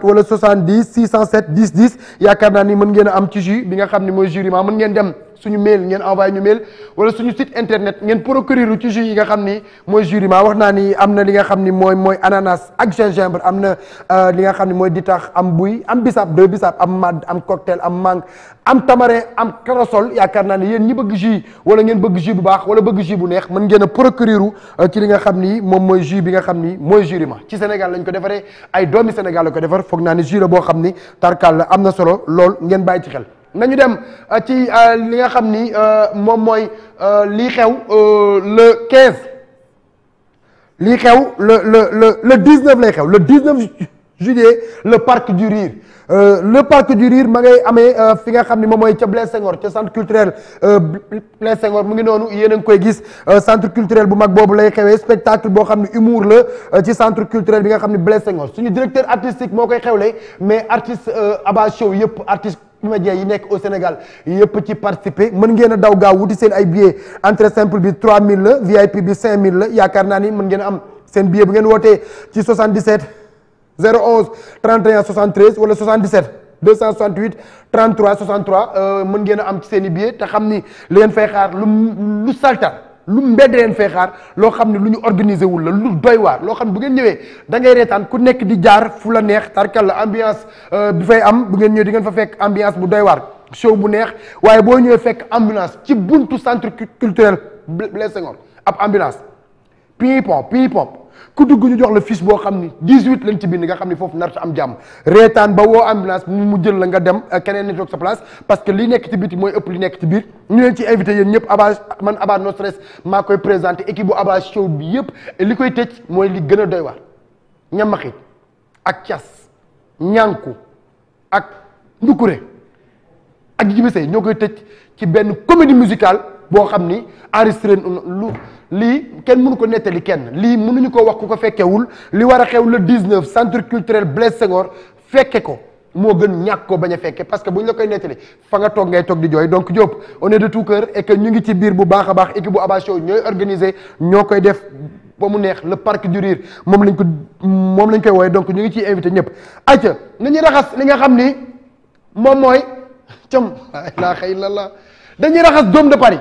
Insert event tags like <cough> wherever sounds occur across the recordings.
wala 70 607 10 10 yaakaar naa ni mën ngeen a am ci jus bi nga xam ne mooy juriment mën dem suñu mail ngeen envoyé ñu mail wala suñu site internet ngeen procurer ci jus yi nga xam ni mooy jus ma naa ni am na li nga xam ni mooy mooy ananas ak gingembre am na euh, li nga xam ni mooy ditax am buy am bisap deux bisap am mad am cocktail am mangue am tamarin am corossol yaakaar naa ne yéen ñi bëgg jus wala ngeen bëgg jus bu baax wala bëgg jus bu neex mën ngeen a procurer euh, ci li nga xam ni moom mooy jus bi nga xam ni mooy jus ma ci Sénégal lañ ko defaree ay doomi Sénégal la ko defar foog naa ni jus la boo xam ni tarkal la am na solo lool ngeen bàyyi ci xel nañu dem euh, ci euh, li nga xam ni euh, moom mooy lii xew le 15 lii xew le le le le 19 lay xew le 19 juillet le parc du rire le parc du rire ma ngay amee fi nga xam ni moom mooy ca Blaise Senghor ca centre culturel Blaise Senghor mu ngi noonu yéen a ngi koy gis centre culturel bu mag boobu lay xewee spectacle boo xam ni humour la ci centre culturel bi nga xam ni Blaise Senghor suñu directeur artistique moo koy xewle mais artiste Abba Show yëpp artiste. comédiens yi nekk au Sénégal yëpp ci participer mën ngeen a daw gaaw wuti seen ay billets entrée simple bi 3000 la VIP bi 5000 la yaakaar naa ni mën ngeen am seen billet bu ngeen wootee ci 77 011 31 73 wala 77. 268 33 63 mën ngeen am ci seen i billet te xam ni li ngeen fay xaar lu lu salta lu mbedd leen fay xaar loo xam ne lu ñu organiser wul la lu doy waar loo xam ne bu ngeen ñëwee da ngay reetaan ku nekk di jaar fu la neex tarkal la ambiance euh, bi fay am bu ngeen ñëwee di ngeen fa fekk ambiance bu doy waar show bu neex waaye boo ñëwee fekk ambulance ci buntu centre culturel Blaise Senghor ab ambulance pipon pipon ku dugg ñu jox la fiche boo xam ni 18 lañ ci bind nga xam ni foofu nar sa am jàmm reetaan ba woo ambulance mu jël la nga dem euh, keneen ni sa place parce que li nekk ci biti mooy ëpp li nekk ci biir ñu leen ci invité yéen ñëpp Aba man Aba No maa koy présenté équipe bu Aba show bi yëpp li koy tëj mooy li gën a doy waar ñamaxit ak cas ñànku ak ndukure ak jibisee ñoo koy tëj ci benn comédie musicale boo xam ni enregistré lu lii kenn mënu ko nettali kenn lii mënuñu ko wax ku ko fekkewul li war a xew le 19 centre culturel Blaise Senghor fekke ko moo gën ñàkk ko bañ a fekke parce que bu ñu la koy nettali fa nga toog ngay toog di jooy on est de tout cœur ñu ngi ci biir bu baax a baax équipe bu Abba Show ñooy organiser ñoo koy def ba mu neex la parc du rire moom lañ ko moom lañ koy wooye donc ñu ngi ci invité ñëpp acca nañuy raxas li nga xam ni moom mooy <laughs> cam la ilaha illallah dañuy raxas doom de Paris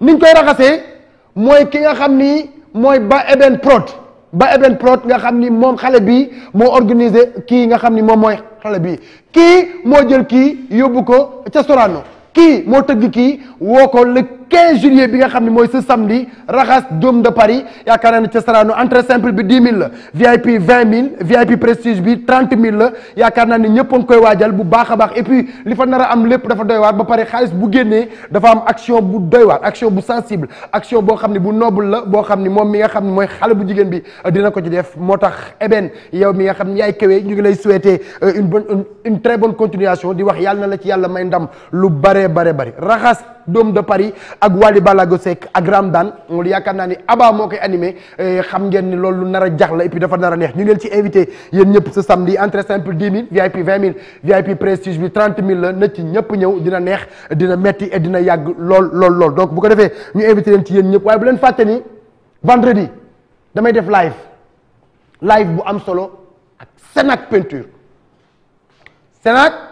niñ koy raxasee mooy ki nga xam ni mooy ba eben prod ba eben prod nga xam ni moom xale bi moo organisé kii nga xam ni moom mooy xale bi kii moo jël kii yóbbu ko ca Sorano kii moo tëgg kii woo ko lëg 15 juillet bi nga xam ne mooy ce samedi raxas Dôme de Paris yaakaar naa ne ca Sorano entrée simple bi 10 000 la VIP 20 000 VIP prestige bi 30 000 la yaakaar naa ne ñëpp a koy waajal bu baax a baax et puis li fa nara a am lépp dafa doy waar ba pare xaalis bu génnee dafa am action bu doy waar action bu sensible action boo xam ne bu noble la boo xam ni moom mi nga xam ne mooy xale bu jigéen bi dina ko ci def moo tax Eben yow mi nga xam ne yaay kawee ñu ngi lay souhaiter euh, une bonne une très bonne continuation di yàlla na la ci yàlla may ndam lu bare bare bare doom de Paris ak Wally Ballago Seck ak Ramdan loolu yaakaar naa ni Abba moo koy animé eh, xam ngeen ni loolu nar a jax la et dafa nara neex ñu ngeen ci invité yéen ñëpp ce samedi entrée simple 10 000 VIP 20 000 VIP prestige bi 30 000 la na ci ñëw dina neex dina metti et dina yàgg lool lool lool donc bu ko defee ñu invité leen ci yéen ñëpp waaye bu leen fàtte ni vendredi damay def live live bu am solo ak Sénac peinture Sénac.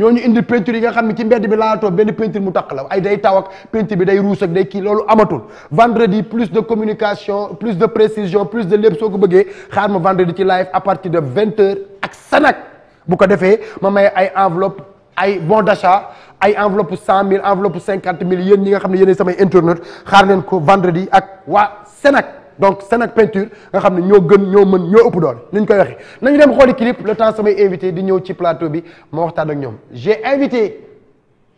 ñoo ñu indi peinture yi nga xam ne ci mbedd bi laalatoo benn peinture mu takk la ay day taw ak peinture bi day ruus ak day kii loolu amatul vendredi plus de communication plus de précision plus de lépp soo ko bëggee xaar ma vendredi ci live à partir de vingt heures ak sanak bu ko defee ma may ay enveloppe ay bon d'achat ay enveloppe cent mille enveloppe cinquante mille yéen ñi nga xam ne yéenay samay internet xaar leen ko vendredi ak waa senak donc Sénac peinture nga xam ne ñoo gën ñoo mën ñoo ëpp doon ni ñu koy waxee nañu dem xooli clip le temps samay invité di ñëw ci plateau bi ma waxtaan ak ñoom j'ai invité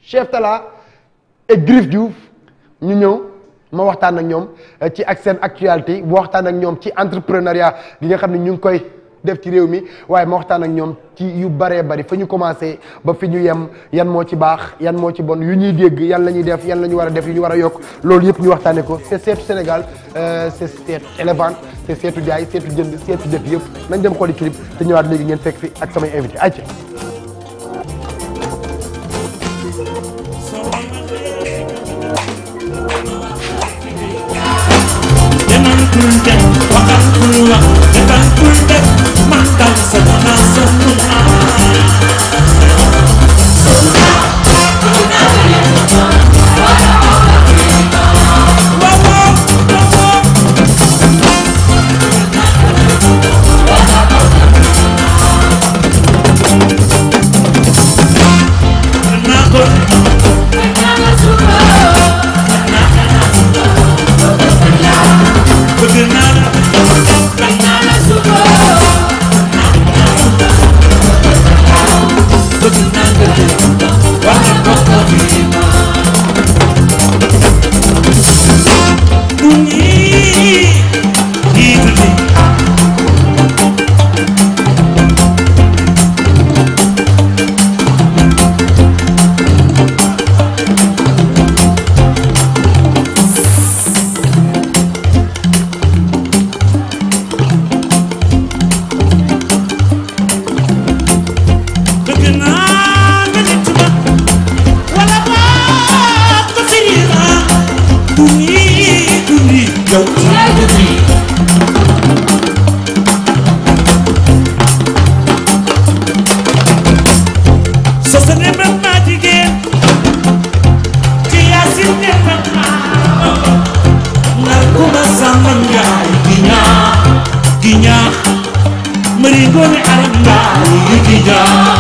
Chef Talla et Griff Diouf ñu ñëw ma waxtaan ak ñoom euh, ci ak seen actualité waxtaan ak ñoom ci entrepreneuriat gi nga xam ne ñu ngi koy def ci réew mi waaye ma waxtaan ak ñoom ci yu baree bari fa ñu commencé ba fi ñu yem yan moo ci baax yan moo ci bon yu ñuy dégg yan la ñuy def yan la ñu war a def yu ñu war a yokk loolu yëpp ñu waxtaanee ko c'est seetu Sénégal euh, c'est seetu élevante c'est seetu jaay seetu jënd seetu def yëpp nañ dem xooli clip te ñëwaat léegi ngeen fekk fi ak samay invité acca Thank you. Amiin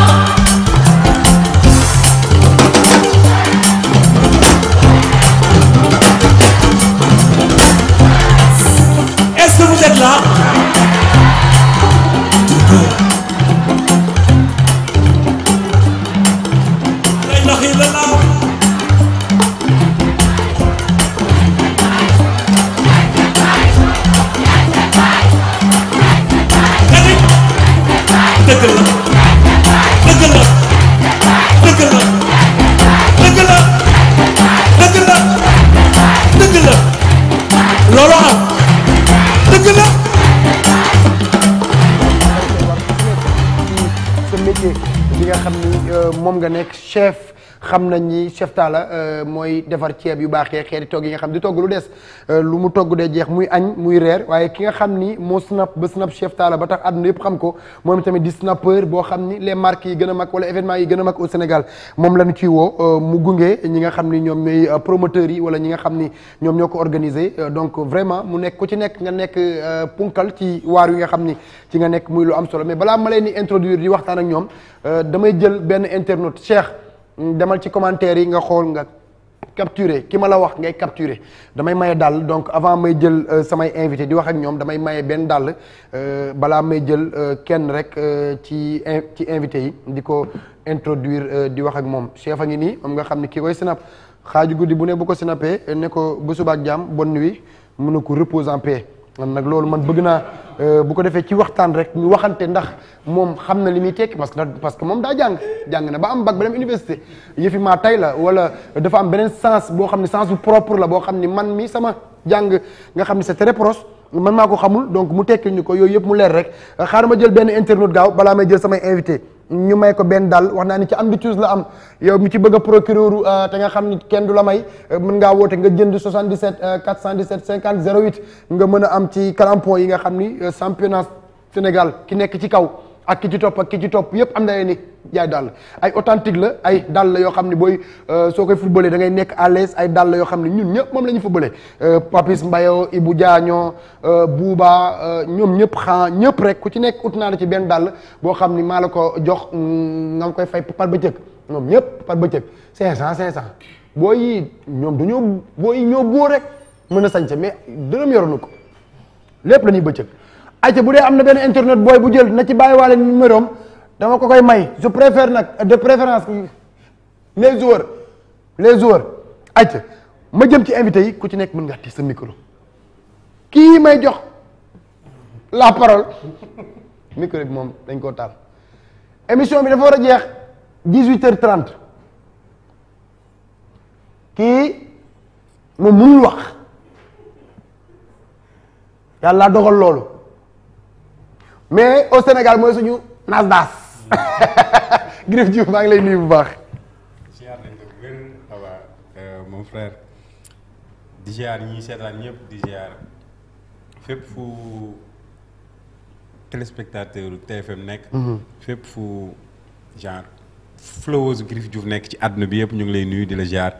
chef xam nañ ni chef taala euh, mooy defar ceeb yu baaxee xeeti togg yi nga xam di togg lu des euh, lu mu togg de jeex muy añ muy reer waaye ki nga xam ni moo snap ba snap chef taala ba tax àdduna yépp xam ko moom tamit di snapper boo xam ni les marques yi gën a mag wala événements yi gën a mag au Sénégal moom lañu ci woo euh, mu gunge ñi nga xam ni ñoom ñooy promoteurs yi wala ñi nga xam ni ñoom ñoo ko organisé donc vraiment mu nekk ku ci nekk nga nekk punkal ci waar yi nga xam ni ci nga nekk muy lu am solo mais balaa ma leen di introduire di waxtaan ak ñoom damay jël benn internaute Cheikh demal ci commentaire yi nga xool nga capturer ki ma la wax ngay capturer damay maye daal donc avant may jël euh, samay invité di wax ak ñoom damay maye benn dàll euh, balaa may jël euh, kenn rek ci ci invité yi di ko introduire di wax ak moom chef a ngi nii moom nga xam ni ki koy sinap xaaju guddi bu ne bu ko sinapee ne ko bu subaak jàmm bonne nuit mun na ko repose en paix man nag loolu man bëgg naa euh, bu ko defee ci waxtaan rek ñu waxante ndax moom xam na li muy tekki parce que parce que moom daa jàng jàng na ba am bac ba dem université yëfi maa tay la wala dafa am beneen sens boo xam ne sens bu propre la boo xam ne man mi sama jàng nga xam ne c'est très proche man maa ko xamul donc mu tekki ñu ko yooyu yëpp mu leer rek xaaral ma jël benn internaute gaaw balaa may jël samay invité ñu may ko benn daal wax naa ni ci am di tuus la am yow mi ci bëgg a procureur euh, te nga xam ni kenn du la may euh, mën ngaa woote nga jënd 77 417 50 08 nga mën a am ci crampon yi nga xam ni euh, championnat Sénégal ki nekk ci kaw ak ki ci topp ak ki ci topp yëpp am na ni jaay dàll ay authentique la ay dàll yoo xam ne booy euh, soo koy footballé da ngay nekk à l'aise ay dàll yoo xam ne ñun ñëpp moom la ñu footballé euh, Papis Mbayo Ibou Diagne euh, Bouba ñoom ñëpp xan ñëpp rek ku ci nekk ut naa la ci benn dàll boo xam ni maa la ko jox mm, nga koy fay par bëccëg ñoom ñëpp par bëccëg 500 500 boo yi ñoom dañoo booy yi ñoo góor rek mën a sañse mais dërëm yoroonu ko lépp la ñuy bëccëg. ayca bu dee am na benn internet booy bu jël na ci bàyyiwaale numéro am dama ko koy may je préfère nag de préférence les joueurs les joueurs ayca ma jëm ci invité yi ku ci nekk mën nga teg sa micro kii may jox la parole micro bi moom dañ koo taal émission bi dafa war a jeex dix huit heures trente kii moom mënul wax yàlla dogal loolu. mais au Sénégal mooy suñu nas daas <laughs> Griff Diouf maa ngi lay nuyu bu baax. ziar nañ ko wér waaw euh, seetaan ñëpp di ziar fépp fu téléspectateur TFM nekk. Mhm. fépp fu genre flows Griff Diouf nekk ci àdduna bi yëpp ñu ngi lay nuyu di la ziar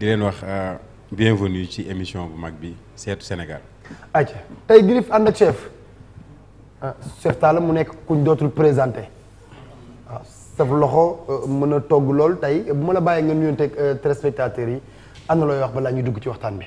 di leen wax euh, bienvenue ci émission bu mag bi seetu Sénégal. ayca tey Euh, Cheikh Talla mu nekk kuñ dootul présenté waaw saf loxo euh, mën a togg lool tey bu ma la bàyyee nga nuyoon teg euh, téléspectateurs yi am na looy wax balaa ñu dugg ci waxtaan bi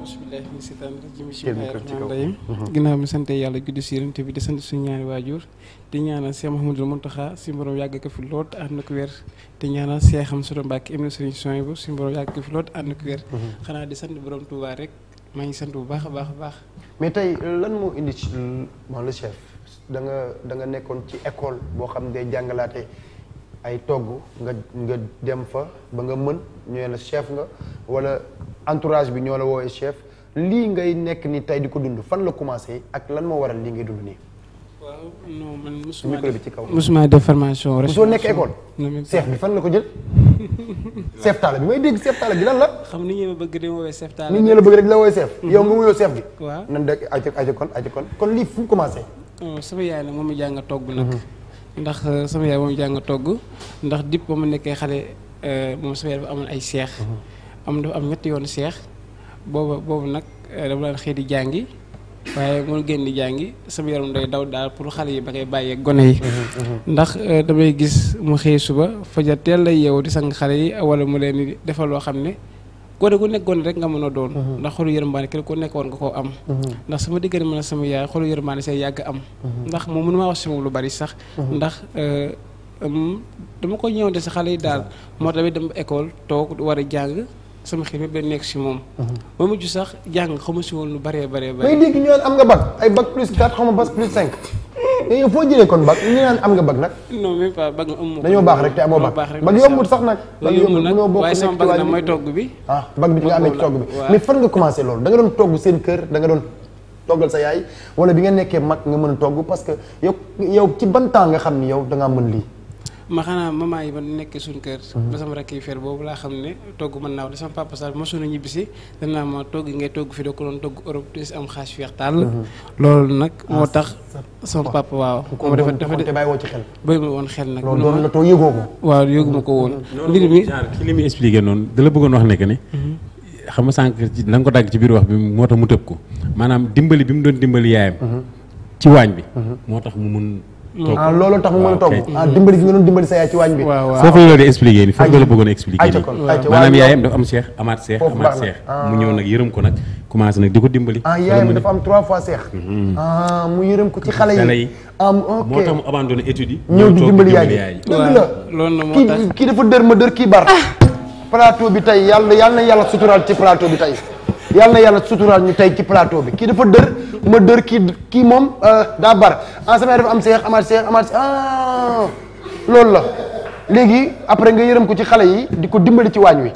bismillahi mina seytaani rajiim bismillahi rahmaani rahiim mhm. ginnaaw mi sante yàlla guddi si yonent bi di sant suñu ñaari waajur te ñaanal Cheikh Mouhamadoul Mountakha si borom yàgg ko fi lool am na ko wér te ñaanal Cheikh Hamsatou Mbacké ibn Serigne Souhaïbou suñu borom yàgg ko fi lool am na ku wér mhm. xanaa di sant borom Touba rek maa ngi sant bu baax a baax a baax mais tey lan moo indi ci bon le chef da nga da nekkoon ci école boo xam ne jàngalaate ay togg nga nga dem fa ba nga mën ñoo la chef nga wala entourage bi ñoo la woowee chef lii ngay nekk ni tey di ko dund fan la commencé ak lan moo waral lii ngay dund nii. waaw def micro bi ci kaw. mosuma def formation. restauration mosoo nekk école. chef bi fan la ko jël. <laughs> chef taala bi may dégg chef taala bi lan la. xam nit ñi la bëgg di woowee chef taala. nit ñi la bëgg rek di la woowee chef. Mm-hmm. yow nga wuyoo chef bi. waaw nan de ayca ayca kon kon lii fu mu commencé. Oh, sama yaay la moom mu jàng togg nag. Mm-hmm. ndax euh, sama yaay moom mu jàng togg ndax dip ba mu nekkee xale euh, moom sama yaay dafa amoon ay seex. Mm-hmm. am dafa am ñetti yoon seex boobu boobu nag euh, dama daan xëy di jàngi. waaye mu génn di jàngi sama yaram day daw daal pour xale yi ba koy bàyyee gone yi mhm, mhm. ndax euh, damay gis mu xëy suba fajar teel lay yeewu di sang xale yi wala mu leen di defal loo xam ne gone gu nekk gone rek nga mën a doon mhm. ndax xolu yërmaane kenn ku nekk woon nga koo am ndax sama diggante mën a sama yaay xolu yërmaane say yàgg am ndax moom mënu maa wax si moom lu bari sax ndax euh, dama ko ñëwante si xale yi daal moo tamit dem école toog war a jàng sama xel bépp dañ nekk si moom. Mhm. ba mujj sax jàng xaw ma si woon lu bëree bëree. may dégg ñu naan am nga bac ay bac plus 4 xaw ma bac plus 5. Eh, yow foo jëlee kon bac ñu naan am nga bac nag. non même pas bac amu ma. dañoo baax rek te amoo bac bac yombut sax nag. bac yombut nag waaye sama bac nag mooy togg bi. ah bac bi nga amee ci togg bi mais fan nga commencé loolu da nga doon togg seen kër da nga doon. toggal sa yaay wala bi nga nekkee mag nga mën a togg parce que yow yow ci ban temps nga xam ni yow da ngaa mën lii ma xanaa maman yi man nekk suñ kër. Mhm. ba sama rakk yi fer boobu laa xam ne togg mën naa wax de sama papa sax mosu na ñibbisi danaa ma togg ngay togg fi da ko doon togg Europe te si am xaas feex mhm. nag ah, moo tax. sama papa waaw. moom mhm. da la bëggoon wax ne moo tax mu tëb ko maanaam dimbali bi mu doon dimbali yaayam. ci waañ bi. moo tax mu mun Ah, looloo tax mu mën a togg ah, dimbali gi nga doon dimbali sa yaay ci waañ bi foofu la loolu expliqué ni foofu la bëggoon expliqué ni maanaam yaayam dafa am seex amaat seex amaat seex ah. mu ñëw nag yërëm ko nag commencé nag di ko dimbali ah yaayam dafa am trois fois seex mhm. mu yërëm ko ci xale yi moo tax mu abandonné études ñëw di dimbali yaay dëgg la loolu na moo tax kii dafa dër ma dër kii bar plateau bi tey yàlla yàlla na yàlla suturaal ci plateau bi tey yàlla na yàlla suturaal ñu tey ci plateau bi kii dafa dër ma dër kii kii moom euh, daa bar en semaine dafa am seex amaat seex amaat ah loolu la léegi après nga yërëm ko ci xale yi di ko dimbali ci waañ wi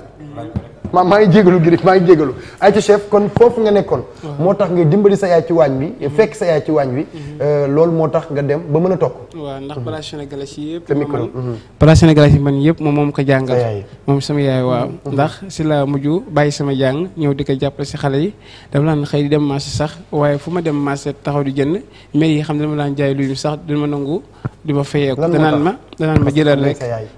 maa maa ngi jégalu Griff maa ngi jégalu ay ci kon foofu nga nekkoon. moo tax nga dimbali sa yaay ci waañ bi. fekk sa yaay ci waañ bi. Mm-hmm. Euh, loolu moo tax nga dem ba mën a tokk. waaw ndax mm-hmm. balaa sénégalais yi yëpp. te micro mm-hmm. balaa sénégalais man yëpp moom moom ko jàngal. moom sama yaay waaw. ndax si la mujj bàyyi sama jàng ñëw di ko jàppale si xale yi dama daan xëy di dem marché sax waaye fu ma dem marché taxaw di jënd mère yi xam ne dama daan jaay lu sax du ma nangu di ma fayeeku. lan danaan ma danaan ma jëlal rek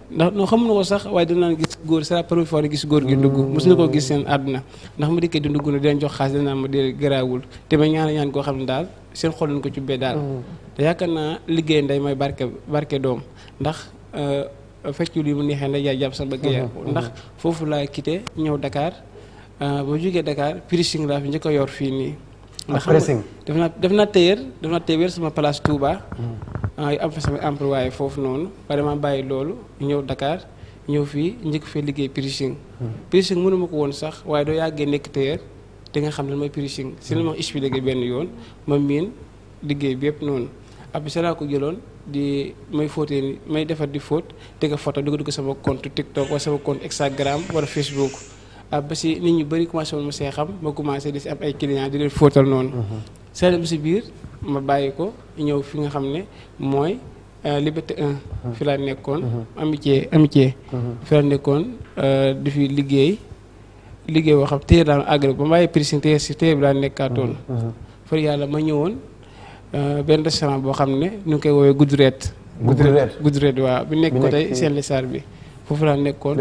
ndax noo xamuñu ko sax waaye danaan gis góor c'est la première fois gis góor gi dugg mm. mosuñu koo gis seen àdduna ndax ma dikkee di dugg na dinañ jox xaalis danaa ma di garaawul te ma ñaan ñaan koo xam ne daal seen xol lañ ko ci bee daal mm. te yaakaar naa liggéey nday may barke barke doom ndax euh, feccu li mu neexee nday yaay jàpp sa bëgg yaa ndax foofu laa quitté ñëw Dakar ba euh, jógee Dakar pressing laa fi njëkk a yor fii nii ah, ndax def naa def naa téyër def naa sama place Touba mm. Ah, am fa sama employé foofu noonu vraiment bàyyi loolu ñëw Dakar ñëw fii njëkk fee liggéey pricing hmm. pricing mënuma ko woon sax waaye doo yàggee nekk téer di nga xam ne mooy pricing si la ma hmm. expliqué benn yoon ma miin liggéey bépp noonu ab si laa ko jëloon di may fóotee ni may defar di fóot di ko photo di ko dugg sama compte TikTok wala sama compte Instagram wala Facebook ah, ba si nit ñu bëri commencé woon see xam ma commencé di si am ay clients di leen noonu. Hmm. ma bàyyi ko ñëw fi nga xam ne mooy euh, Liberté 1. fi laa nekkoon. amitié amitié. fi laa nekkoon euh, di fi liggéey liggéey boo xam te daal agré ba ma bàyyi prison téye laa nekkaatoon. far yàlla ma ñëwoon euh, benn restaurant boo xam ne ñu ngi koy woowee Goudrette. Goudrette Goudrette waaw bi nekk ko tey seen lesaar bi foofu laa nekkoon.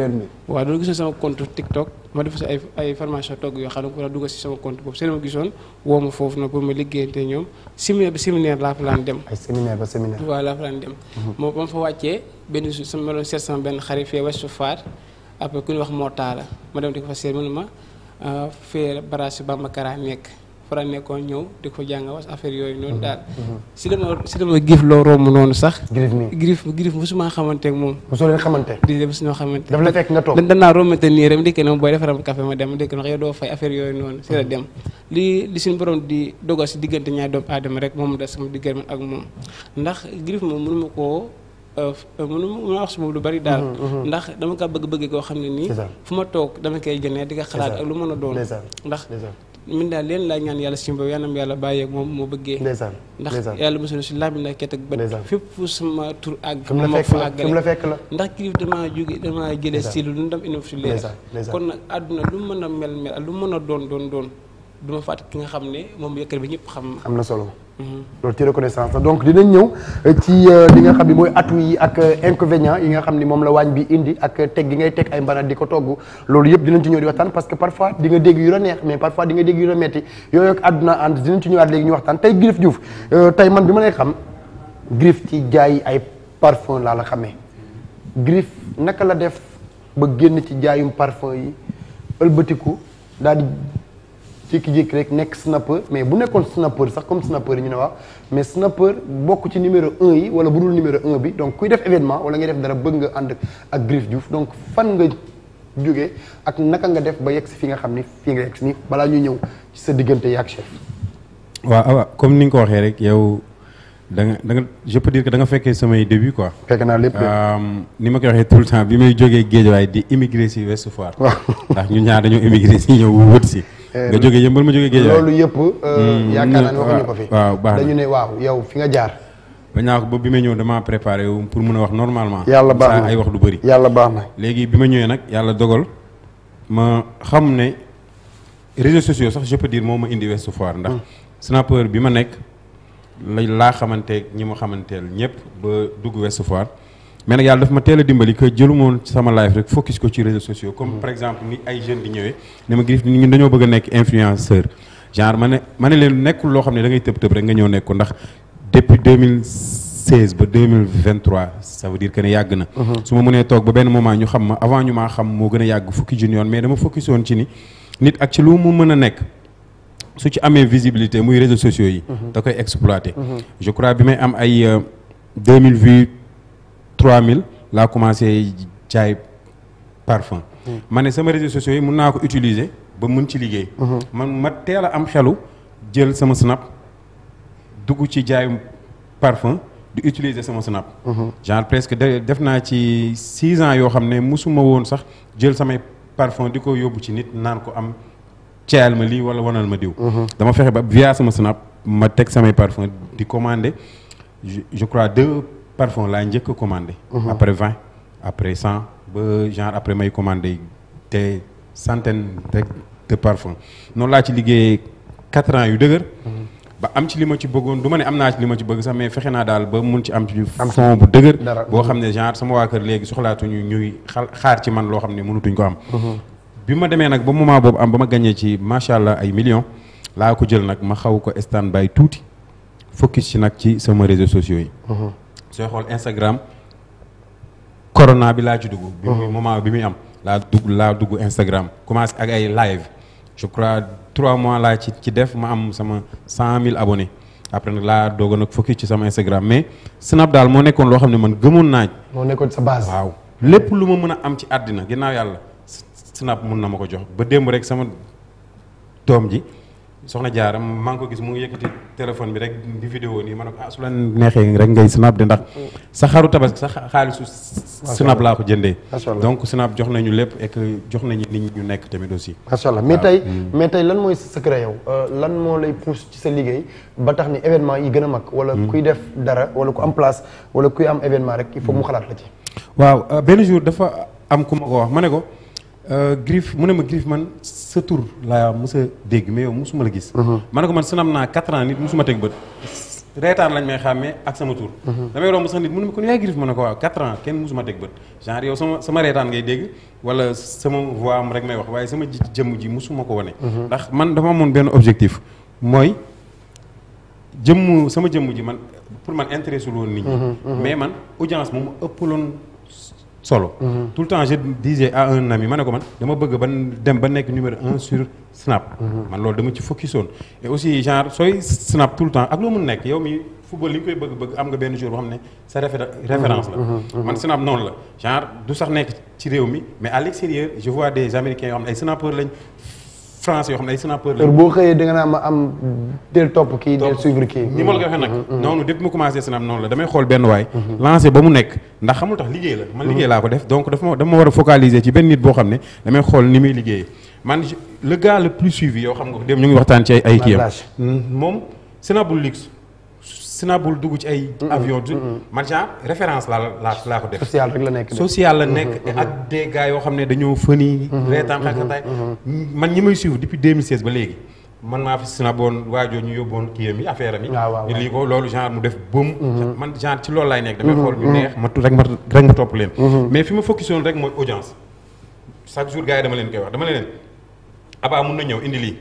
waaw doon gis sama compte TikTok. ma def si ay ay formation togg yoo xam ne wala dugal si sama compte boobu seen ma gisoon woo ma foofu nag pour ma liggéeyante ñoom séminaire ba séminaire laa fa daan dem. ba waaw laa fa daan dem. Mhm. moom ba ma fa wàccee benn su ma doon seet sama benn xarit fee Ouest Foire après ku ñu wax Mor Talla ma dem di fa seet mu ne ma euh, fee barrage Bambakara nekk. fara nekkoon ñëw di ko jàng was affaire yooyu noonu mhm. daal mhm. si dama si dama loo romb noonu sax grif mi grif grif musuma xamanteek ak moom mosoo leen xamante di musuñoo xamante daf la fekk nga toog danaa nii rek ndekk na booy defaram café ma dem ndekk na yow doo fay affaire yooyu noonu si la mhm. dem li li suñu borom di dogal si diggante ñaari aadama rek moom da sama diggante ak moom ndax grif moom mënu ma koo euh, mënu ma lu bari daal ndax dama ko bëgg-bëgg koo xam ne nii fu ma toog dama koy jënee di ko xalaat ak lu mën a doon ndax min daal leen laa ñaan yàlla simba yanam yàlla bàyyeeg moom moo bëggee ndax yàlla mosul si laamin la ket ak bët fépp sama tur àgg ma fa àggale ndax kilif damaa jóge damaa jëlee si lu ndam inof si leer kon nag àdduna lu mën a mel mel lu mën a doon doon doon du ma fàtte ki nga xam ne moom yëkkër bi ñëpp xam am na solo loolu ci reconnaissance la donc dinañ ñëw euh, ci euh, li nga xam ni mooy atu ak euh, inconvénient yi nga xam ni moom la waañ bi indi ak teg gi ngay teg ay mbana di ko togg loolu yëpp dinañ ci ñëw di waxtaan parce que parfois di nga dégg yu la neex mais parfois di nga dégg yu la metti yooyu ak àdduna ànd dinañ ci ñëwaat léegi ñu waxtaan tey Griff Diouf tey man bi ma lay xam Griff ci jaay ay parfum laa la xamee Griff naka la def ba génn ci jaayum parfum yi ëlbatiku daal jékki-jékki rek nekk snapper mais bu nekkoon snapper sax comme snapper yi ñu ne waaw mais snapper bokk ci numéro un yi wala bu dul numéro un bi donc kuy def événement wala ngay def dara bëgg nga ànd ak Griff Diouf donc fan nga jógee ak naka nga def ba yegg si fi nga xam ni fi nga yegg ni balaa ñuy ñëw ci sa diggante yaak chef. waaw ah, awa comme ni nga ko waxee rek yow da nga da nga je peux dire que nga fekkee samay début quoi. fekk naa lépp euh, ni ma koy waxee tout le temps bi may jógee Guédiawaye di immigré si Ouest Foire. ndax ñu ñaar dañoo immigré si ñëw wut si. Euh, nga jóge yëmbal ma jóge géej loolu yëpp mm. euh, yaakaar naa ne ko fi ah, waaw baax dañu ne waaw yow fi nga jaar ba ñaa bi ma ñëw damaa préparé wu pour mën a wax normalement yàlla baax na ay wax du bëri yàlla baax na léegi bi ma ñëwee nag yàlla dogal ma xam ne réseaux sociaux sax moo ma indi Ouest Foire ndax hmm. snapper bi ma nekk lay laa xamanteeg ñi ma xamanteel ñëpp ba dugg Ouest Foire mais nag yàlla daf ma teel a dimbali que jëlu moon sama life rek focus ko ci réseaux sociaux comme par exemple ni ay jeunes di ñëwee ne ma Griff ñun dañoo bëgg a nekk influenceur genre ma ne ma ne leen nekkul loo xam ne da ngay tëb tëb rek nga ñëw nekk ko ndax depuis ba 2023 dire que ne yàgg na. Uh-huh. su ma mënee toog ba benn moment ñu xam ma avant ñu maa xam moo gën a yàgg fukki junni yoon mais dama focus woon ci ni nit ak ci lu mu mën a nekk. su ci amee visibilité 3000 laa commencé jaay parfum hmm. ma ne sama réseaux sociaux yi mun naa ko utiliser ba mun ci liggéey. Hmm. man ma teel a am xelu jël sama snap dugg ci jaayum parfum di utiliser sama snap. Hmm. genre presque def naa ci 6 ans yoo xam ne musuma woon sax jël samay parfum di ko yóbbu ci nit naan ko am ceyal ma lii wala wanal ma diw. dama fexe ba via sama snap ma teg samay parfum di commander je crois deux. parfum laa njëkk commandé mhm. après vingt après cent ba genre après may commandé te centaine de de parfum noonu laa ci liggéeye quatre ans yu dëgër mhm. ba am ci li ma ci bëggoon du ma ne am naa li ma ci bëgg sax mais fexe naa daal ba mun ci am ci fond bu dëgër boo mhm. xam ne genre sama waa kër léegi soxlaatuñu ñuy xal xaar ci man loo xam ne mënutuñ ko am bi ma demee nag ba moment boobu am ba ma gañee ci macha allah ay millions laa ko jël nag ma xaw ko stand by tuuti focus ci nag ci sama réseaux sociaux yi sooy xool Instagram corona bi laa ci dugg. bi muy mhm. moment bi muy am laa dugg laa dugg Instagram commencé ak ay live je crois trois mois laa ci ci def ma am sama cent mille abonnés après nag laa doog a nag ci sama Instagram mais Snap daal moo nekkoon loo xam ne man gëmoon naaj. moo nekkoon sa base. lépp lu ma mën a am ci àddina ginnaaw yàlla Snap mun na ma ko jox ba démb rek sama doom ji. soxna Diarra maa ngi ko gis mu ngi yëkkati téléphone bi rek di vidéo nii ma ne ko ah su la neexee rek ngay snap de ndax sa xaru tabaski sa xaalisu snap laa ko jëndee donc snap jox nañu lépp et jox nañu nit ñi ñu nekk tamit aussi macha allah mais tey mm. mais tey lan mooy secret yow euh, lan moo lay pousse ci sa liggéey ba tax ni événement yi gën a mag wala mm. kuy def dara wala ku am place wala kuy am événement rek il mu mm. xalaat la ci waaw euh, benn jour dafa am ku ma ko wax ma ne ko Euh, Griffe mu ne ma Griffe man sa tur laa mës a dégg mais yow suma la gis. Mhm. ma ne ko man sanam naa 4 ans nit mosuma teg bët. reetaan lañ may xàmmee ak sama tur. Mhm. damay romb sax nit mu ne ma kon ne ko waaw 4 ans kenn mosuma teg bët genre wala sama voix am rek may wax waaye sama ji jëmm ji mosuma ko wane. Mhm. ndax man dama amoon benn objectif mooy jëmm sama jëmm ji man pour man intéressul woon nit mais man audience moom ëpp loon solo. Mhm. tout le temps je disais à un ami ma ne ko man dama bëgg ba dem ba nekk numéro un sur Snap. Mhm. man loolu dama ci focus woon et aussi genre sooy Snap tout le temps ak loo mun nekk yow mi football li nga koy bëgg-bëgg am nga benn jour boo xam ne sa référence la mhm. man snap noonu la genre du sax nekk ci réew mi mais à l'extérieur je vois des américains yoo xam ne ay snappeurs lañ France yoo xam ne ay snapper la boo xëyee da naa am del topp kii del suivre kii ni ma la ko nag mm-hmm, mm-hmm. noonu depuis ma commencé snap noonu la damay xool benn waay mm-hmm. lancé ba mu nekk ndax xamul tax liggéey la man liggéey laa ko def donc daf ma dama war a focaliser ci benn nit boo xam ne damay xool ni muy liggéey man le gars le plus suivi yoo xam nga dem ñu ngi waxtaan ci ay kii am mm, moom snapul luxe Sénabul dugg ci ay. avion du man genre référence laa la laa ko def. social rek la nekk social la nekk. te ak des gars yoo xam ne dañoo fëni. reetaan xakkataay man ñi may suivre depuis 2016 ba léegi. man maa fi Sénaboon waajoo ñu yóbboon kii yi affaire am yi. waaw lii ko loolu genre mu def bëm. Mm-hmm. man genre ci loolu laay nekk. damay mm-hmm. xool ñu mm-hmm. neex ma topp leen. mais fi ma focus woon rek mooy audience. chaque jour gars yi dama leen koy wax dama leen abaa mun na ñëw indi lii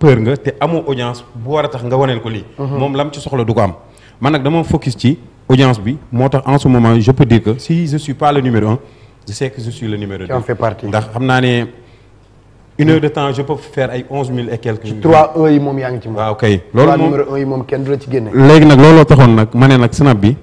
peur nga te amoo audience bu war a tax nga waneel ko lii. Mhm. moom lam ci soxla du ko am. man nag dama focus ci audience bi moo tax en ce moment je peux dire que si je suis par le numéro un je sais que je suis le numéro deux. ndax xam naa ne une heure de temps je peux faire ay onze mille et quelques. ci trois heures yi moom ah, numéro un yi moom kenn du la ci génne. léegi nag looloo taxoon nag ma ne nag snap bi